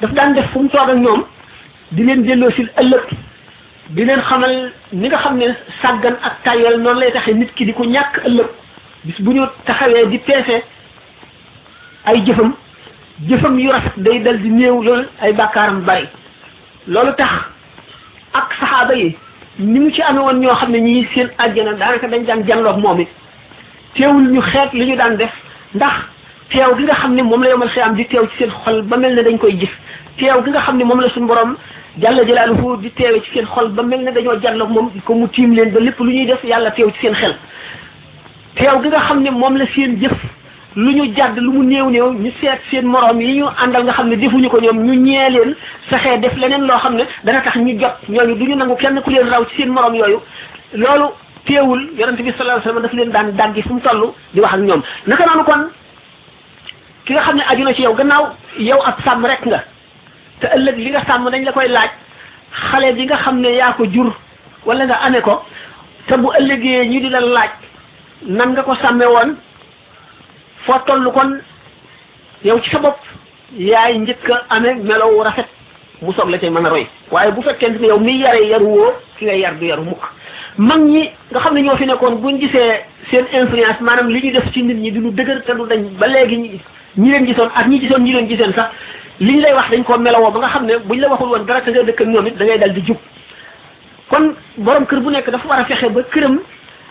daf daan def fu mu toog ak ñoom di leen delloo sil ëllëg di leen xamal ni nga xam ne sàggan ak tayal noonu lay taxe nit ki di ko ñàkk ëllëg bis bu ñu taxawee di peese ay jëfam jëfam yu rafet day dal di néew loolu ay bàkkaaram bari loolu tax ak saxaaba yi ni mu ci amee woon ñoo xam ne ñii seen àjjana daanaka dañ daan janloog moom it teewul ñu xeet li ñu daan def ndax teew gi nga xam ne moom la yomal xiyaam di teew ci seen xol ba mel ne dañ koy gis teew gi nga xam ne moom la suñu borom jàlla jalaaluhu di teewe ci seen xol ba mel ne dañoo jàlloog moom ko mu tiim leen ba lépp lu ñuy def yàlla teew ci seen xel teew gi nga xam ne moom la seen jëf lu ñu jàdd lu mu néew néew ñu seet seen moroom yi ñu àndal nga xam ne defuñu ko ñoom ñu ñee leen saxee def leneen loo xam ne dana tax ñu jot ñooñu du ñu nangu kenn ku leen raw ci seen moroom yooyu loolu teewul yonente bi sallallahu alayhi wasallam leen daan daggi fu mu toll di wax ak ñoom naka noonu kon ki nga xam ne aju na ci yow gannaaw yow ab sàmm rek nga te ëllëg li nga sàmm dañ la koy laaj xale bi nga xam ne yaa ko jur wala nga amee ko te bu ëllëgee ñu di la laaj nan nga ko sàmme woon foo toll kon yow ci sa bopp yaay njëkk a amee melow rafet mu soog la cay mën a roy waaye bu fekkente ne yow miy yare yaru woo ki nga yar du yaru mukk mag ñi nga xam ne ñoo fi nekkoon buñ gisee seen influence maanaam li ñu def ci nit ñi du lu dëgër te du dañ ba léegi ñi leen gisoon ak ñi gisoon ñi leen giseen sax liñ lay wax dañ koo melowoo ba nga xam ne buñ la waxul woon dara te nga dëkk ñoom it da ngay dal di jub kon borom kër bu nekk dafa war a fexe ba këram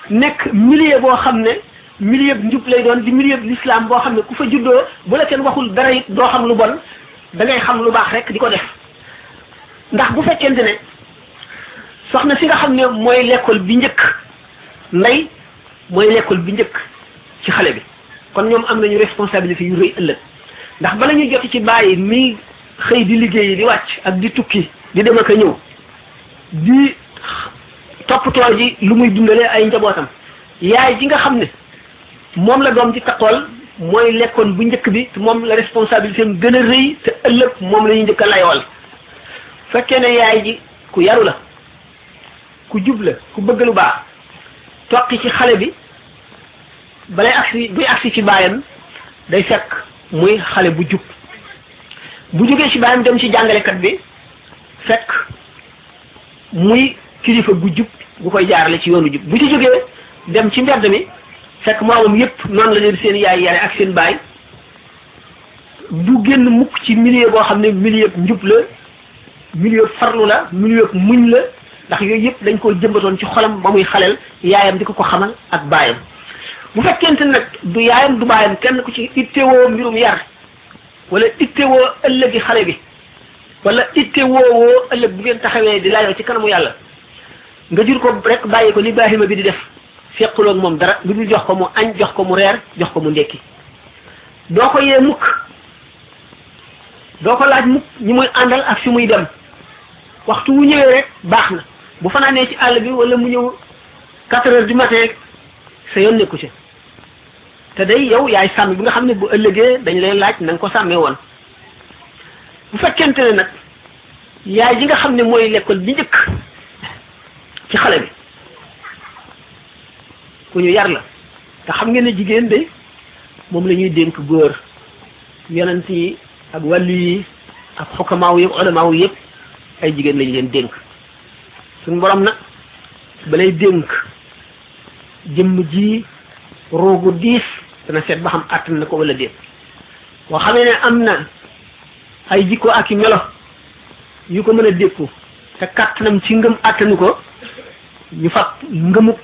nekk milieu boo xam ne milieu njub lay doon di milieu l'islam boo xam ne ku fa juddoo bu la kenn waxul dara it doo xam lu bon da ngay xam lu baax rek di ko def ndax bu fekkente ne soxna si nga xam ne mooy l'école bi njëkk ndey mooy l'école bi njëkk ci xale bi kon ñoom am nañu responsabilité yu rëy ëllëg ndax bala ñuy jot ci bàyyi mi xëy di liggéeyi di wàcc ak di tukki di dem ak ñëw di toppatoo ji lu muy dundale ay njabootam yaay ji nga xam ne moom la doom di taqool mooy lekkoon bu njëkk bi te moom la responsabilité am gën a rëy te ëllëg moom lañu ñuy njëkk a layool fekkee ne yaay ji ku yaru la ku jub la ku bëgg lu baax toqi ci xale bi balay agsi buy agsi ci baayam day fekk muy xale bu jub bu jógee ci baayam dem ci jàngalekat bi fekk muy kilifa gu jub gu koy jaarale ci yoonu jub bu ci jógee dem ci mbedd mi fekk moomam yëpp noonu la leen seen yaay yare ak seen baay du génn mukk ci milieu boo xam ne milieu njub la milieu farlu la milieu muñ la ndax yooyu yëpp dañ koo jëmbatoon ci xolam ba muy xaleel yaayam di ko ko xamal ak baayam bu fekkente nag du yaayam du baayam kenn ku ci ittewoo mbirum yar wala ëllëg ëllëgi xale bi wala ittewoowoo ëllëg bu ngeen taxawee di laajoo ci kanamu yàlla nga jur ko rek bàyyi ko li baahima bi di def fequloog moom dara lu dul jox ko mu añ jox ko mu reer jox ko mu ndekki doo ko yee mukk doo ko laaj mukk ñi muy àndal ak fi muy dem waxtu wu ñëwee rek baax na bu fanaanee ci àll bi wala mu ñëw quatre heures du matin sa yoon nekku ci te day yow yaay sàmm bi nga xam ne bu ëllëgee dañ lay laaj na ko sàmmee woon bu fekkente ne nag yaay ji nga xam ne mooy lekkool bi njëkk ci xale bi ku ñu yar la te xam ngeen ne jigéen de moom la ñuy dénk góor yonent yi ak wàll yi ak xokamaaw yëpp olamaaw yëpp ay jigéen lañ leen dénk suñu borom nag balay dénk jëmm ji roogu diis dana seet ba xam àttan na ko wala déet boo xamee ne am na ay jikko ak i melo yu ko mën a dékku te kàttanam ci ngëm àttanu ko ñu fab ngëmuk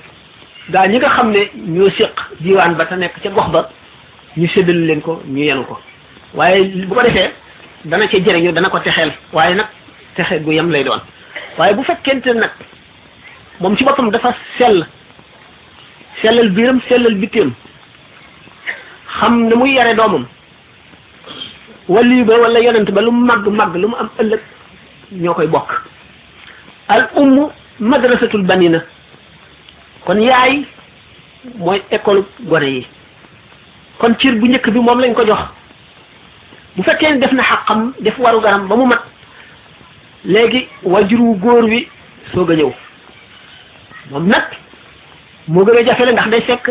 gaa ñi nga xam ne ñoo séq diwaan ba te nekk ca gox ba ñu séddal leen ko ñu yenu ko waaye bu ko defee dana ca jëriñu dana ko texeel waaye nag texe gu yam lay doon waaye bu fekkente nag moom ci boppam dafa sell sellal biiram sellal bitteem xam ne muy yare doomam waliyu ba wala yonent ba lu mu màgg màgg lu mu am ëllëg ñoo koy bokk al umm madrasatul banina kon yaay mooy école gone yi kon cir bu njëkk bi moom lañ ko jox bu fekkee ni def na xaqam def waru garam ba mu mag léegi wu góor wi soog a ñëw moom nag moo gën a jafe la ndax day fekk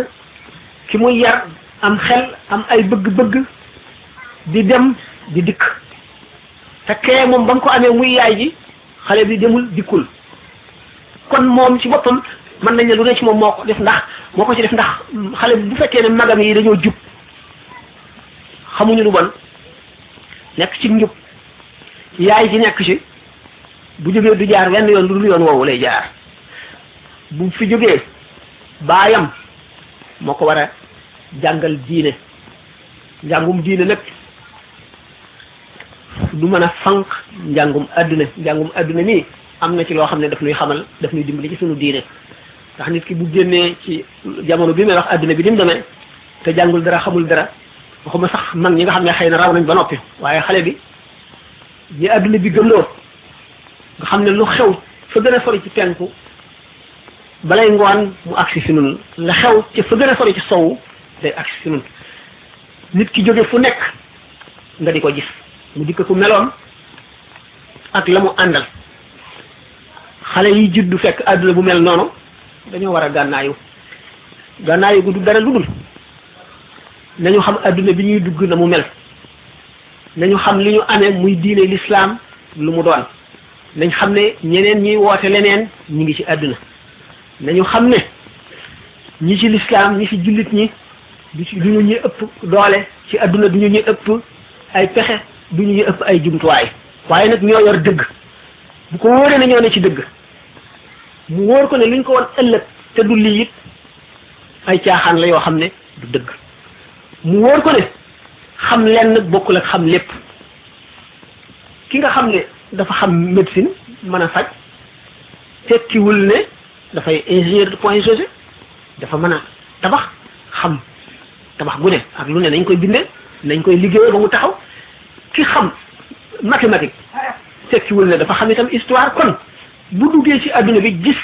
ki muy yar am xel am ay bëgg-bëgg di dem di dikk te kee moom ba mu ko amee muy yaay ji xale bi demul dikkul kon moom ci boppam mën nañ ne lu ne ci moom moo ko def ndax moo ko ci def ndax xale bu fekkee ne magam yi dañoo jub xamuñu lu bon nekk ci njub yaay ji nekk ci bu jógee du jaar wenn yoon lu dul yoon woowu lay jaar bu fi jógee baayam moo ko war a jàngal diine jàngum diine nag du mën a fànq njàngum adduna njàngum adduna nii am na ci loo xam ne daf nuy xamal daf nuy dimbali ci sunu diine ndax nit ki bu génnee ci jamono bi may wax adduna bi ni mu te jàngul dara xamul dara waxuma sax mag ñi nga xam ne xëy na raw nañ ba noppi waaye xale bi ñi adduna bi gëmloo nga xam ne lu xew fa gën a sori ci penku balay ngoon mu agsi fi nun la xew ci fa gën a ci sow day agsi fi nun nit ki jóge fu nekk nga di ko gis mu dikk ku meloon ak la mu àndal xale yi juddu fekk àdduna bu mel noonu dañoo war a gànnaayu gànnaayu gu du dara lu dul nañu xam àdduna bi ñuy dugg na mu mel nañu xam li ñu amee muy diine lislaam lu mu doon nañ xam ne ñeneen ñuy woote leneen ñu ngi ci àdduna na nañu xam ne ñi ci lislaam ñi ci jullit ñi du ci du ñu ñuy ëpp doole ci adduna du ñu ñuy ëpp ay pexe du ñu ñuy ëpp ay jumtuwaay waaye nag ñoo yor dëgg bu ko wóoree ne ñoo ne ci dëgg mu wóor ko ne luñ ko ëllëg te du lii ay caaxaan yoo xam ne du dëgg mu wóor ko xam lenn nag bokkul xam lépp ki nga xam ne dafa xam médecine mën a faj tekkiwul ne dafay ingénieur de point G dafa mën a tabax xam tabax bu ne ak lu ne nañ koy bindee nañ koy liggéeyee ba mu taxaw ki xam mathématique tekkiwul ne dafa xam itam histoire kon bu duggee ci adduna bi gis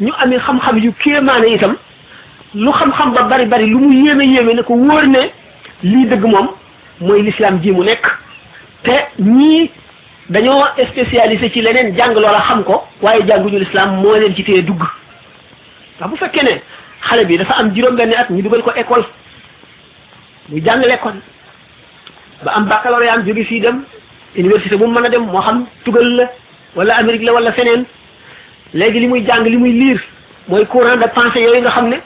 ñu amee xam-xam yu kéemaane itam lu xam-xam ba bari bari lu mu yéeme yéeme ne ko wóor ne lii dëgg moom mooy l'islam ji mu nekk te ñii dañoo spécialisé ci leneen jàng loola xam ko waaye jànguñu l'islam moo leen ci téye dugg ndax bu fekkee ne xale bi dafa am juróom-benni at ñu dugal ko école muy jàng lekkoon ba am baccalauréat am jóge fii dem université bu mu mën a dem moo xam tugal la wala Amérique la wala feneen léegi li muy jàng li muy liir mooy courant de pensée yooyu nga xam ne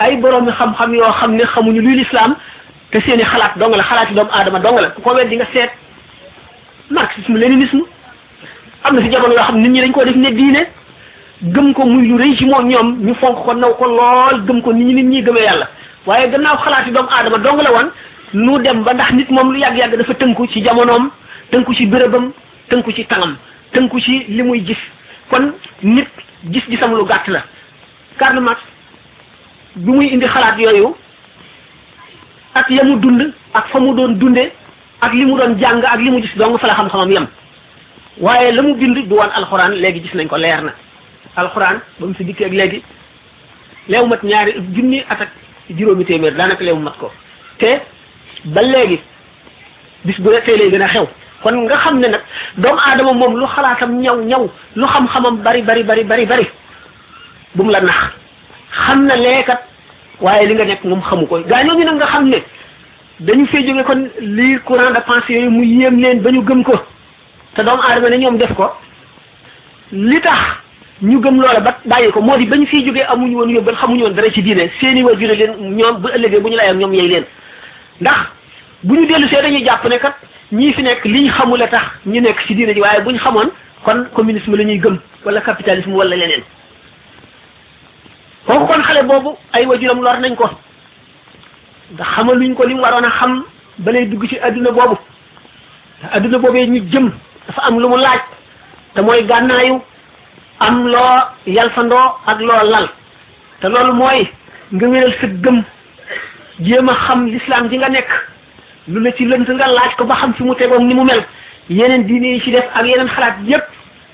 ay boroomi xam-xam yoo xam ne xamuñu luy lislaam te seeni xalaat dong la xalaati doomu aadama dong la ku ko weddi nga seet marxisme léninisme am na si jamono yoo xam nit ñi dañ koo def ne gëm ko muy lu rëy ci moom ñoom ñu fonk ko naw ko lool gëm ko nit ñi nit ñi gëmee yàlla waaye gannaaw xalaati doomu aadama dong la woon nu dem ba ndax nit moom lu yàgg-yàgg dafa tënku ci jamonoom tënku ci bérébam tënku ci tangam tënku ci li muy gis kon nit gis-gisam lu gàtt la Karl Marx bi muy indi xalaat yooyu ak ya dund ak fa mu doon dunde ak li mu doon jàng ak li mu gis dong fa la xam-xamam yem waaye la mu bind du woon alxuraan léegi gis nañ ko leer na alxuraan ba mu fi dikkee ak léegi leewu mat ñaari junni at ak juróomi téeméer daanaka leewu mat ko te ba léegi bis bu ne tey gën a xew kon nga xam ne nag doomu aadama moom lu xalaatam ñaw ñaw lu xam-xamam bari bari bari bari bari bu mu la nax xam na leekat waaye li nga nekk moom xamu ko gaa ñooñu nag nga xam ne dañu fee jóge kon lii courant de pensée yooyu mu yéem leen ba ñu gëm ko te doomu aadama ne ñoom def ko li tax ñu gëm loola ba bàyyi ko moo di bañ fiy jógee amuñu woon yóbbal xamuñu woon dara ci diine seeni a leen ñoom bu ëllëgee bu ñu laay ak ñoom yey leen ndax bu ñu dellu see dañuy jàpp ne kat ñii fi nekk liñ xamul a tax ñu nekk ci diine ji waaye buñ xamoon kon communisme la ñuy gëm wala capitalisme wala leneen kooku kon xale boobu ay waajuram lor nañ ko ndax luñ ko li mu waroon a xam balay dugg ci adduna boobu adduna boobee ñu jëm dafa am lu mu laaj te mooy gànnaayu am loo yalfandoo ak loo lal te loolu mooy nga wéral sa gëm jéem a xam lislaam ji nga nekk lu la ci lënt nga laaj ko ba xam fi mu tegoog ni mu mel yeneen diine yi ci def ak yeneen xalaat yépp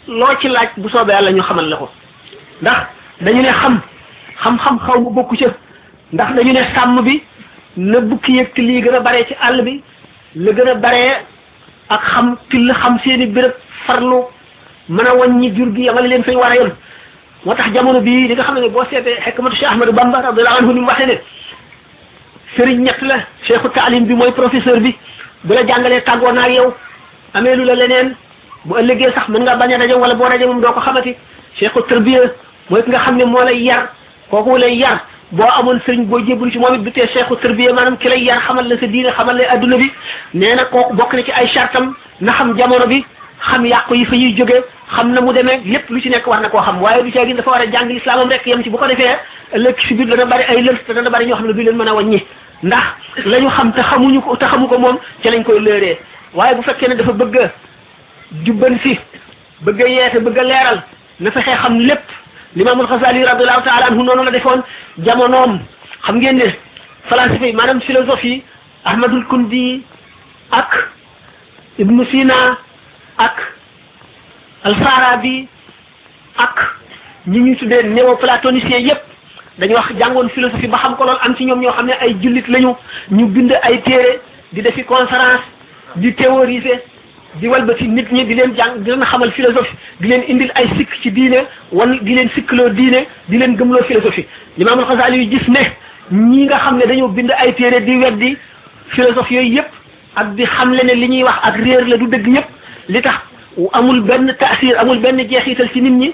loo ci laaj bu soobee yàlla ñu xamal la ko ndax dañu ne xam xam-xam xaw ma bokku ca ndax dañu ne sàmm bi na bukki yëg lii gën a bare ci àll bi la gën a bare ak xam till xam seeni bërëb farlu mën a wàññi jur gi yamale leen fay war a yem moo tax jamono bii li nga xam ne boo seetee xekk matu Cheikh Ahmadou Bamba radiyallahu anhu ni mu waxee ne sëriñ ñett la cheikhu taalim bi mooy professeur bi bu la jàngalee tàggoo naa yow amee lu la leneen bu ëllëgee sax mën nga bañ a daje wala boo daje moom doo ko xamati cheikhu tarbiya mooy ki nga xam ne moo lay yar kooku lay yar boo amoon sëriñ boo jébbalu ci moom it du tee cheikhu tarbiya maanaam ki lay yar xamal la sa diine xamal la adduna bi nee na kooku bokk na ci ay chartam na xam jamono bi xam yàqu yi fa ñuy jógee xam na mu demee lépp lu ci nekk war na koo xam waaye du caa gin dafa war a jàng islaamam rek yem ci bu ko defee ëllëg si biir dana bari ay lënt te dana bari ñoo xam ne du leen mën a wàññi ndax la ñu xam te xamuñu ko te ko moom ca lañ koy lëeree waaye bu fekkee ne dafa bëgg a jubban si bëgg a yeete bëgg a leeral na fexee xam lépp limaamul xasali radiallahu taala anhu noonu la defoon jamonoom xam ngeen ne falasifa yi maanaam philosophie ahmadul kundi ak ibnu sina ak alfarabi ak ñi ñu tuddee néoplatonicien yépp dañu wax jàngoon philosophie ba xam ko lool am ci ñoom ñoo xam ne ay jullit lañu ñu bind ay téere di defi conférence di théoriser di walbati nit ñi di leen jàng di leen xamal philosophie di leen indil ay sikk ci diine wan di leen sikkloo diine di leen gëmloo philosophie limaam al xasaali yu gis ne ñi nga xam ne dañoo bind ay téere di weddi philosophie yooyu yépp ak di xamle ne li ñuy wax ak réer la du dëgg yépp li tax amul benn taasir amul benn jeexital ci nit ñi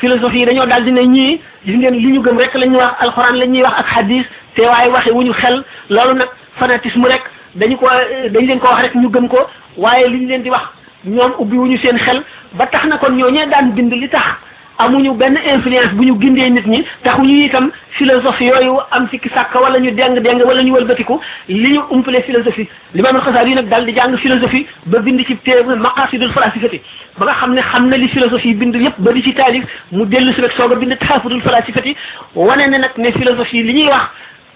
philosophie yi dañoo daal di ne ñii gis ngeen li ñu gëm rek la ñuy wax alxuraan la ñuy wax ak hadis te waaye waxe wu ñu xel loolu nag fanatisme rek dañu ko dañ leen ko wax rek ñu gëm ko waaye li ñu leen di wax ñoom ubbi wu ñu seen xel ba tax na kon ñoo ñee daan bind li tax amuñu benn influence bu ñu gindee nit ñi ñu itam philosophie yooyu am sikki sàkk wala ñu deng deng wala ñu wëlbatiku li ñu umpale philosophie li ma xasaar yi nag dal di jàng philosophie ba bind ci téere maqasidul falasifati ba nga xam ne xam na li philosophie bind yépp ba di ci taalif mu dellu si rek soog a bind taafudul falasifati wane ne nag ne philosophie li ñuy wax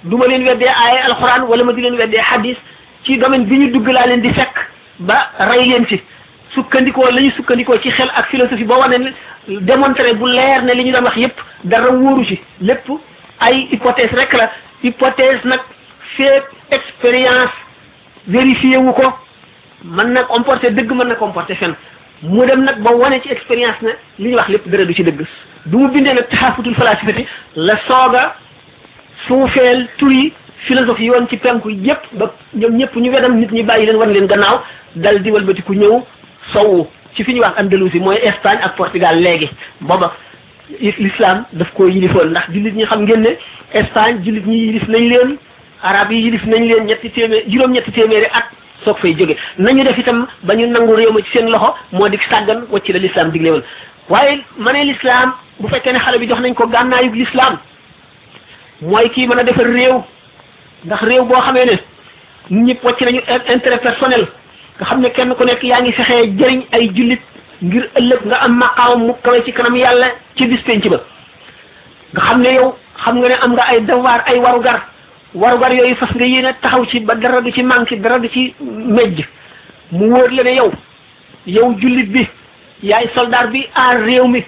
du ma leen weddee aaya alquran wala ma di leen weddee hadis ci domaine bi ñu dugg laa leen di fekk ba rey leen ci sukkandikoo la sukkandikoo ci xel ak philosophie boo wane ne démontré bu leer ne li ñu doon wax yépp dara wóoru ci lépp ay hypothèse rek la hypothèse nag fait expérience vérifié wu ko mën na comporter dëgg mën na comporter fen mu dem nag ba wane ci expérience ne li ñu wax lépp dara du ci dëgg du mu bindee nag taxafutul falasifati la sooga suufeel tur yi philosophie yoon ci penku yépp ba ñoom ñëpp ñu wedam nit ñi bàyyi leen wan leen gannaaw dal di walbatiku ñëw sowu ci fi ñu wax Andalousie mooy Espagne ak Portugal léegi booba l'islam daf ko yilifoon ndax jullit ñi xam ngeen ne Espagne jullit ñi yilif nañ leen araab yi yilif nañ leen ñetti téeméer juróom-ñetti téeméeri at soog fay jóge nañu def itam ba ñu nangu réew ma ci seen loxo moo di sàggan wacc la l'islam digle waaye ma ne l'islam bu fekkee ne xale bi jox nañ ko gànnaayug l'islam mooy kii mën a defar réew ndax réew boo xamee ne ñëpp wacc nañu intérêt personnel nga xam ne kenn ku nekk yaa ngi fexee jëriñ ay jullit ngir ëllëg nga am maqaam mu kawe ci kanam yàlla ci bis penc ba nga xam ne yow xam nga ne am nga ay devoir ay warugar warugar yooyu fas nga yéene taxaw ci ba dara du ci manqué dara du ci mejj mu wóor la ne yow yow jullit bi yaay soldaar bi aar réew mi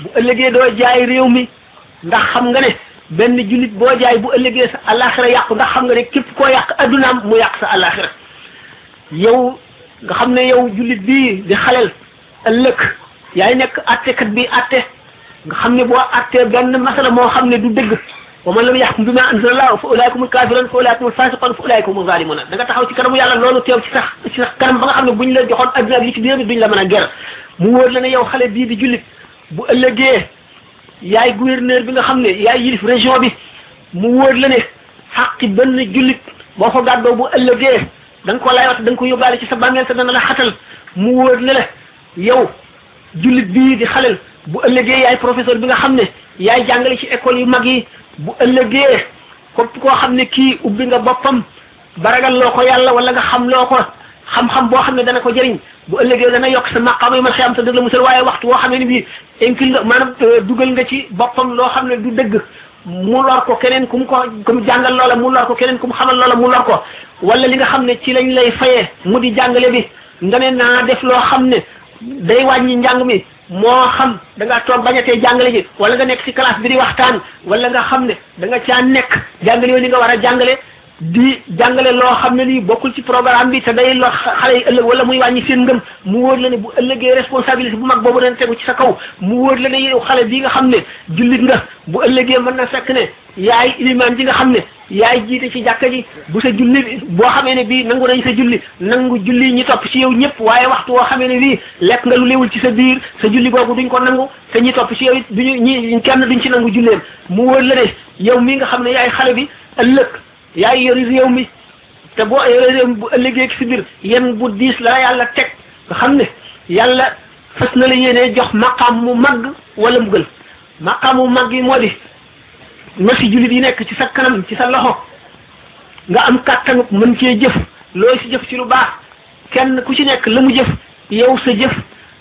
bu ëllëgee doo jaay réew mi ndax xam nga ne benn jullit boo jaay bu ëllëgee sa alaxira yàqu ndax xam nga ne képp koo yàq addunaam mu yàq sa alaxira nga xam ne yow jullit bii di xalel ëllëg yaay nekk attekat bi atte nga xam ne boo attee benn masala moo xam ne du dëgg wa man lam yaxkum bi ma anzalallahu fa ulaayka humul kaafiruun fa ulaayka humul faasiquun fa ulaayka humuz zaalimuun da nga taxaw ci kanamu yàlla loolu teew ci sax ci sax kanam ba nga a ger mu wóor la ne yow xale bii di jullit bu ëllëgee yaay gouverneur bi nga xam ne ya yilif région bi mu wóor la ne xaqi benn jullit boo ko gàddoo bu ëllëgee da nga ko layoot da nga ko yóbbaale ci sa bàmmeel te dana la xatal mu wóor ne la yow jullit bii di xalel bu ëllëgee yaay professeur bi nga xam ne yaay jàngale ci école yu mag yi bu ëllëgee képp koo xam ne kii ubbi nga boppam baragal loo ko yàlla wala nga xam loo ko xam-xam boo xam ne dana ko jëriñ bu ëllëgee dana yokk sa maqaam yi ma xiyam te dëgg la musal waaye waxtu woo xam ne ni bii incul euh, dugal nga ci boppam loo xam ne du dëgg mu lor ko keneen kum mu ko ku jàngal loola mu lor ko keneen ku mu xamal loola mu lor ko wala li nga xam ne ci lañ lay fayee mu di jàngale bi nga ne naa def loo xam ne day wàññi njàng mi moo xam da nga toog bañatee jàngale ji wala nga nekk ci classe bi di waxtaan wala nga xam ne da nga caa nekk jàngale yoo li nga war a jàngale di jàngale loo xam ne lii bokkul ci programme bi te day loo xale yi ëllëg wala muy wàññi seen ngëm mu wóor la ne bu ëllëgee responsabilité bu mag boobu leen tegu ci sa kaw mu wóor la ne yow xale bii nga xam ne jullit nga bu ëllëgee mën na fekk ne yaay ilimaan ji xam ne yaay jiite ci jàkka ji bu sa julli boo xamee ne bii nangu nañ sa nangu julli ñi topp ci yow ñëpp waaye waxtu woo xamee ne lekk nga lu léewul ci sa biir sa julli googu duñ ko nangu te ñi topp ci yow it duñu ñi kenn duñ ci nangu julleem mu wóor la yow mii nga xam ne yaay xale bi ëllëg yaa yori réew mi te boo yore réew mi bu ëllëgee si biir yéen bu diis la yàlla teg nga xam ne yàlla fas na la yéenee jox maqaam mu mag wala mu gën maqaam mu mag yi moo di masi jullit yi nekk ci sa kanam ci sa loxo nga am kàttanu mën cee jëf looy si jëf ci lu baax kenn ku ci nekk la mu jëf yow sa jëf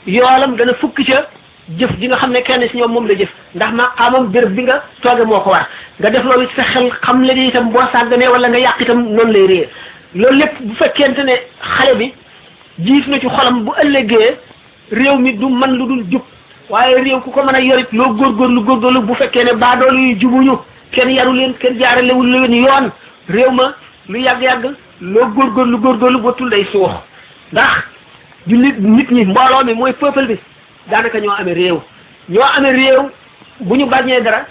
yoolam dana fukk ca jëf ji nga xam ne kenn si ñoom moom la jëf ndax maqaamam béréb bi nga tooge moo ko war nga def loolu sa xel xam la ni itam boo sàgganee wala nga yàq itam noonu lay réer loolu lépp bu fekkente ne xale bi jiit na ci xolam bu ëllëgee réew mi du man lu dul jub waaye réew ku ko man a yorit loo góor góorgóorlu bu fekkee ne baadoolu yu ñu kenn yaru leen kenn jaaralewul leen yoon réew ma lu yàgg-yàgg loo góorgóorlu góorgóorlu ba tul day suux ndax jullit nit ñi mbooloo mooy peuple bi daanaka ñoo amee réew ñoo amee réew bu ñu bañee dara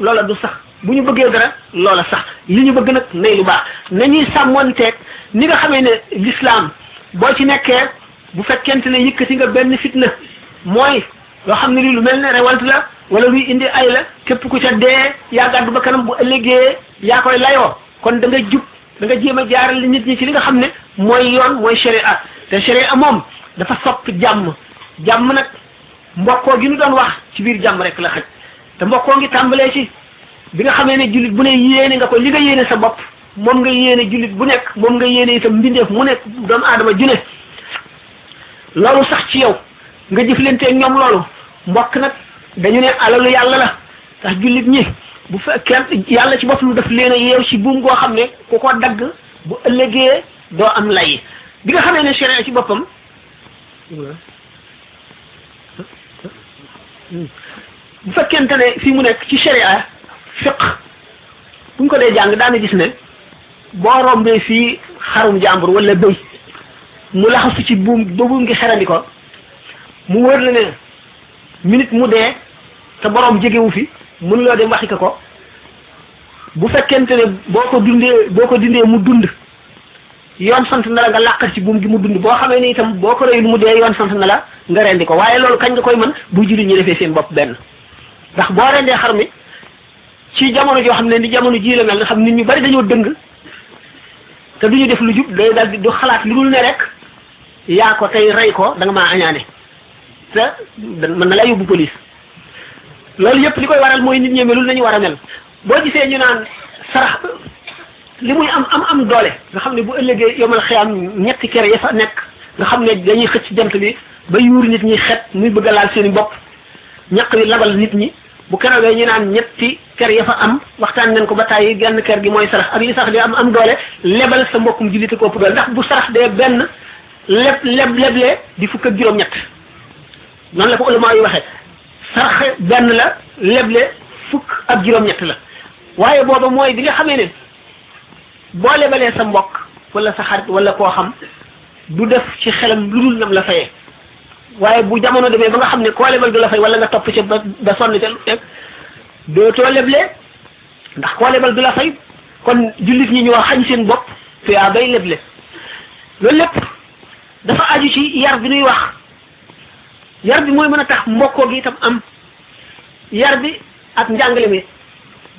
loola du sax bu ñu bëggee dara loola sax li ñu bëgg nag nay lu baax nañuy sàmmonteeg ni nga xamee ne l'islam boo ci nekkee bu fekkente ne yëkkati nga benn fitna mooy loo xam ne lii lu mel ne rewalt la wala luy indi ay la képp ku ca dee yaa gàddu ba kanam bu ëllëgee yaa koy layoo kon da nga jub da nga jéem a jaaral nit ñi ci li nga xam ne mooy yoon mooy sharia te sharia moom dafa sopp jàmm jàmm nag mbokkoo gi ñu doon wax ci biir jàmm rek la xaj te mbokkoo ngi tàmbalee ci bi nga xamee ne jullit bu ne yéene nga ko li nga sa bopp moom nga yéene jullit bu nekk moom nga yéene itam mbindeef mu nekk doomu aadama ju ne loolu sax ci yow nga jëflanteeg ñoom loolu mbokk nag dañu ne alalu yàlla la ndax jullit ñi bu fekkee yàlla ci boppam def leen a yeew ci buum goo xam ne ku ko dagg bu ëllëgee doo am lay bi nga xamee ne sharia ci boppam bu fekkente ne fii mu nekk ci sharia fiq bu ñu ko dee jàng daana gis ne boo rombee fii xarum jàmbur wala bëy mu laxasu ci buum ba buum ngi xerandi ko mu wër la ne minute mu dee te borom jegewu fi mën loo dem waxi ko ko bu fekkent ne boo ko dundee boo ko dindee mu dund yoon sant na la nga làqal ci buum gi mu dund boo xamee ni itam boo ko reyul mu dee yoon sant na la nga rendi ko waaye loolu kañ nga koy mën bu jullit ñi defee seen bopp benn ndax boo rendee xar mi ci jamono joo xam ne ni jamono jii la mel nga xam nit ñu bari dañoo dëng te du ñu def lu jub day dal du xalaat lu dul ne rek yaa ko tey rey ko danga nga maa añaane te mën na laa yóbbu police loolu yëpp li koy waral mooy nit ñi melul war a mel boo gisee ñu naan sarax li muy am am am doole nga xam ne bu ëllëgee yomal xiyaam ñetti kër ya fa nekk nga xam ne dañuy xëcc jant bi ba yuur nit ñi xet muy bëgg laal seen i bopp ñaq wi labal nit ñi bu keroogee ñu naan ñetti kër ya fa am waxtaan nañ ko ba tàyyi genn kër gi mooy sarax ak li sax di am am doole lebal sa mbokkum jilite ko ëpp ndax bu sarax dee benn leb leb leblee di fukk ak juróom-ñett noonu la ko ulama yi waxee sarax benn la leble fukk ak juróom-ñett la waaye booba mooy bi nga xamee ne boo lebalee sa mbokk wala sa xarit wala koo xam du def ci xelam lu dul nam la fayee waaye bu jamono demee ba nga xam ne koo lebal du la fay wala nga topp ci ba ba sonn ca lu leblee ndax koo lebal du la fay kon jullit ñi ñoo xañ seen bopp te yaa bay leble loolu lépp dafa aju ci yar bi nuy wax yar bi mooy mën a tax mbokkoo gi itam am yar bi ak njàngale mi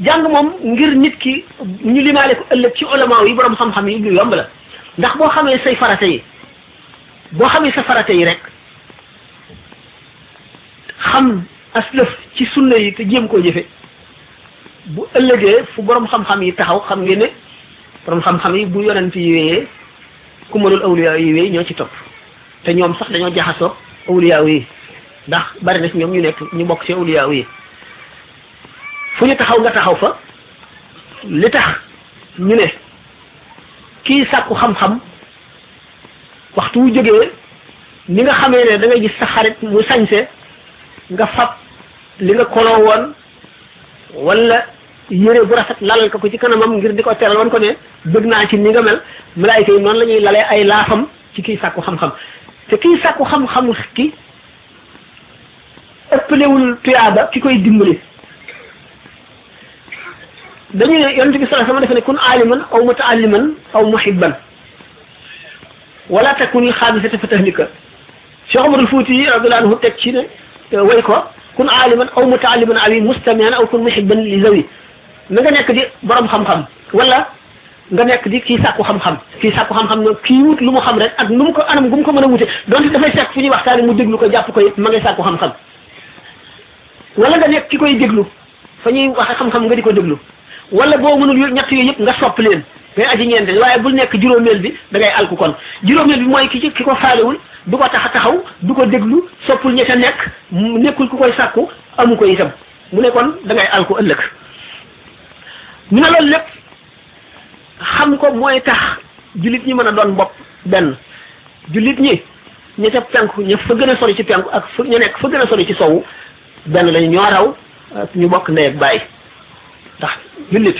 jàng moom ngir nit ki ñu limaale ko ëllëg ci ulama yi borom xam-xam yi lu yomb la ndax boo xamee say farata yi boo xamee sa farata yi rek xam aslëf ci sunna yi te jéem koo jëfe bu ëllëgee fu borom xam-xam yi taxaw xam ngeen ne borom xam-xam yi bu yonent yi wéyee ku mënul awliya yi wéy ñoo ci topp te ñoom sax dañoo jaxasoo awliya yi ndax bari na ñoom ñu nekk ñu bokk ci awliya yi fu ñu taxaw nga taxaw fa li tax ñu ne kii sàkku xam-xam waxtu wu jógee ni nga xamee ne da gis sa xarit mu sañse nga fab li nga koloo woon wala yére bu rafet lalal ko ko ci kanamam ngir di ko teral woon ko ne bëgg naa ci ni nga mel malaayika yi noonu la ñuy lalee ay laafam ci kii sàkku xam-xam te kii sàkku xam-xam ki ëpplewul tuyaaba ki koy dimbali dañu ne yonent bi sallallahu alayhi wasallam def ne kun aliman aw mutaalliman aw muhibban wala takun il xaamisata fa tahlika Cheikh Omarul Fouti radiyallahu anhu teg ci ne euh, way ko kun aliman aw mutaalliman aw mustamian aw kun muhibban li zawi na nga nekk di borom xam-xam wala nga nekk di kii sàkku xam-xam kii sàkku xam-xam nag kii wut lu mu xam rek ak nu mu ko anam gu mu ko mën a wute donte dafay fekk fu ñuy waxtaane mu déglu ko jàpp ko it ma nga sàkku xam-xam wala nga nekk ki koy déglu fa ñuy nga di ko déglu wala boo mënul ñett yooyu yëpp nga sopp leen ngay aji ñeente waaye bul nekk juróomeel bi dangay ngay alku kon juróomeel bi mooy ki ci ki ko faalewul du ko tax a taxaw du ko déglu soppul ña ca nekk nekkul ku koy sàkku amu koy itam mu ne kon da ngay alku ëllëg ñu ne loolu lépp xam ko mooy tax jullit ñi mën a doon bopp benn jullit ñi ña ca penku ña fa gën a sori ci penku ak fa nekk fa gën a sori ci sowu benn lañu ñoo raw ñu bokk ndey ak bàyyi ndax jullit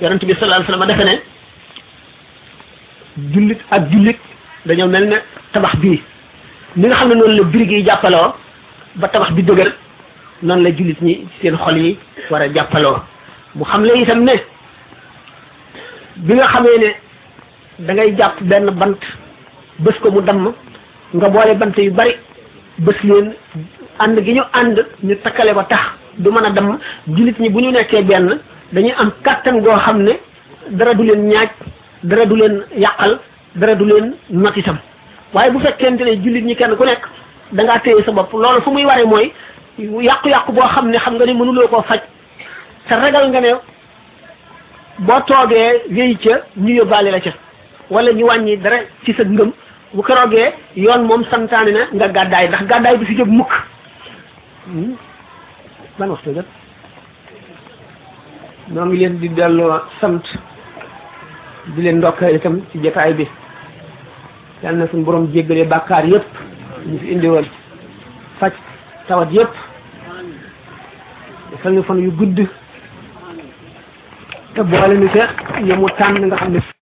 yonent bi sallallahu alayhi wasallam defe ne jullit ak jullit dañoo mel na tabax bii ni nga xam ne noonu la birig yi jàppaloo ba tabax bi dëgër noonu la jullit ñi seen xol yi war a jàppaloo mu xam la itam ne bi nga xamee ne dangay jàpp benn bant bës ko mu damm nga boole bant yu bari bës leen ànd gi ñu ànd ñu takkale ko tax du mën a damm jullit ñi bu ñu nekkee benn dañuy am kàttan goo xam ne dara du leen ñaaj dara du leen yàqal dara du leen not itam waaye bu fekkente ne jullit ñi kenn ku nekk da ngaa téye sa bopp loolu fu muy waree mooy yàqu-yàqu boo xam ne xam nga ni mënuloo koo faj te ragal nga ne boo toogee wéy ca ñu yóbbaale la ca walla ñu wàññi dara ci sa ngëm bu keroogee yoon moom santaane na nga gàddaay ndax gàddaay du fi jóg mukk hmm? ban waxtu jot ñoo leen di delloo sant bi leen ndokkale itam ci jataay bi yal na suñu borom jéggale bàkkaar yëpp ñu fi indiwoon faj tawat yëpp defal ñu fan yu gudd te boole ñu te ñoom mu tànn nga xam ne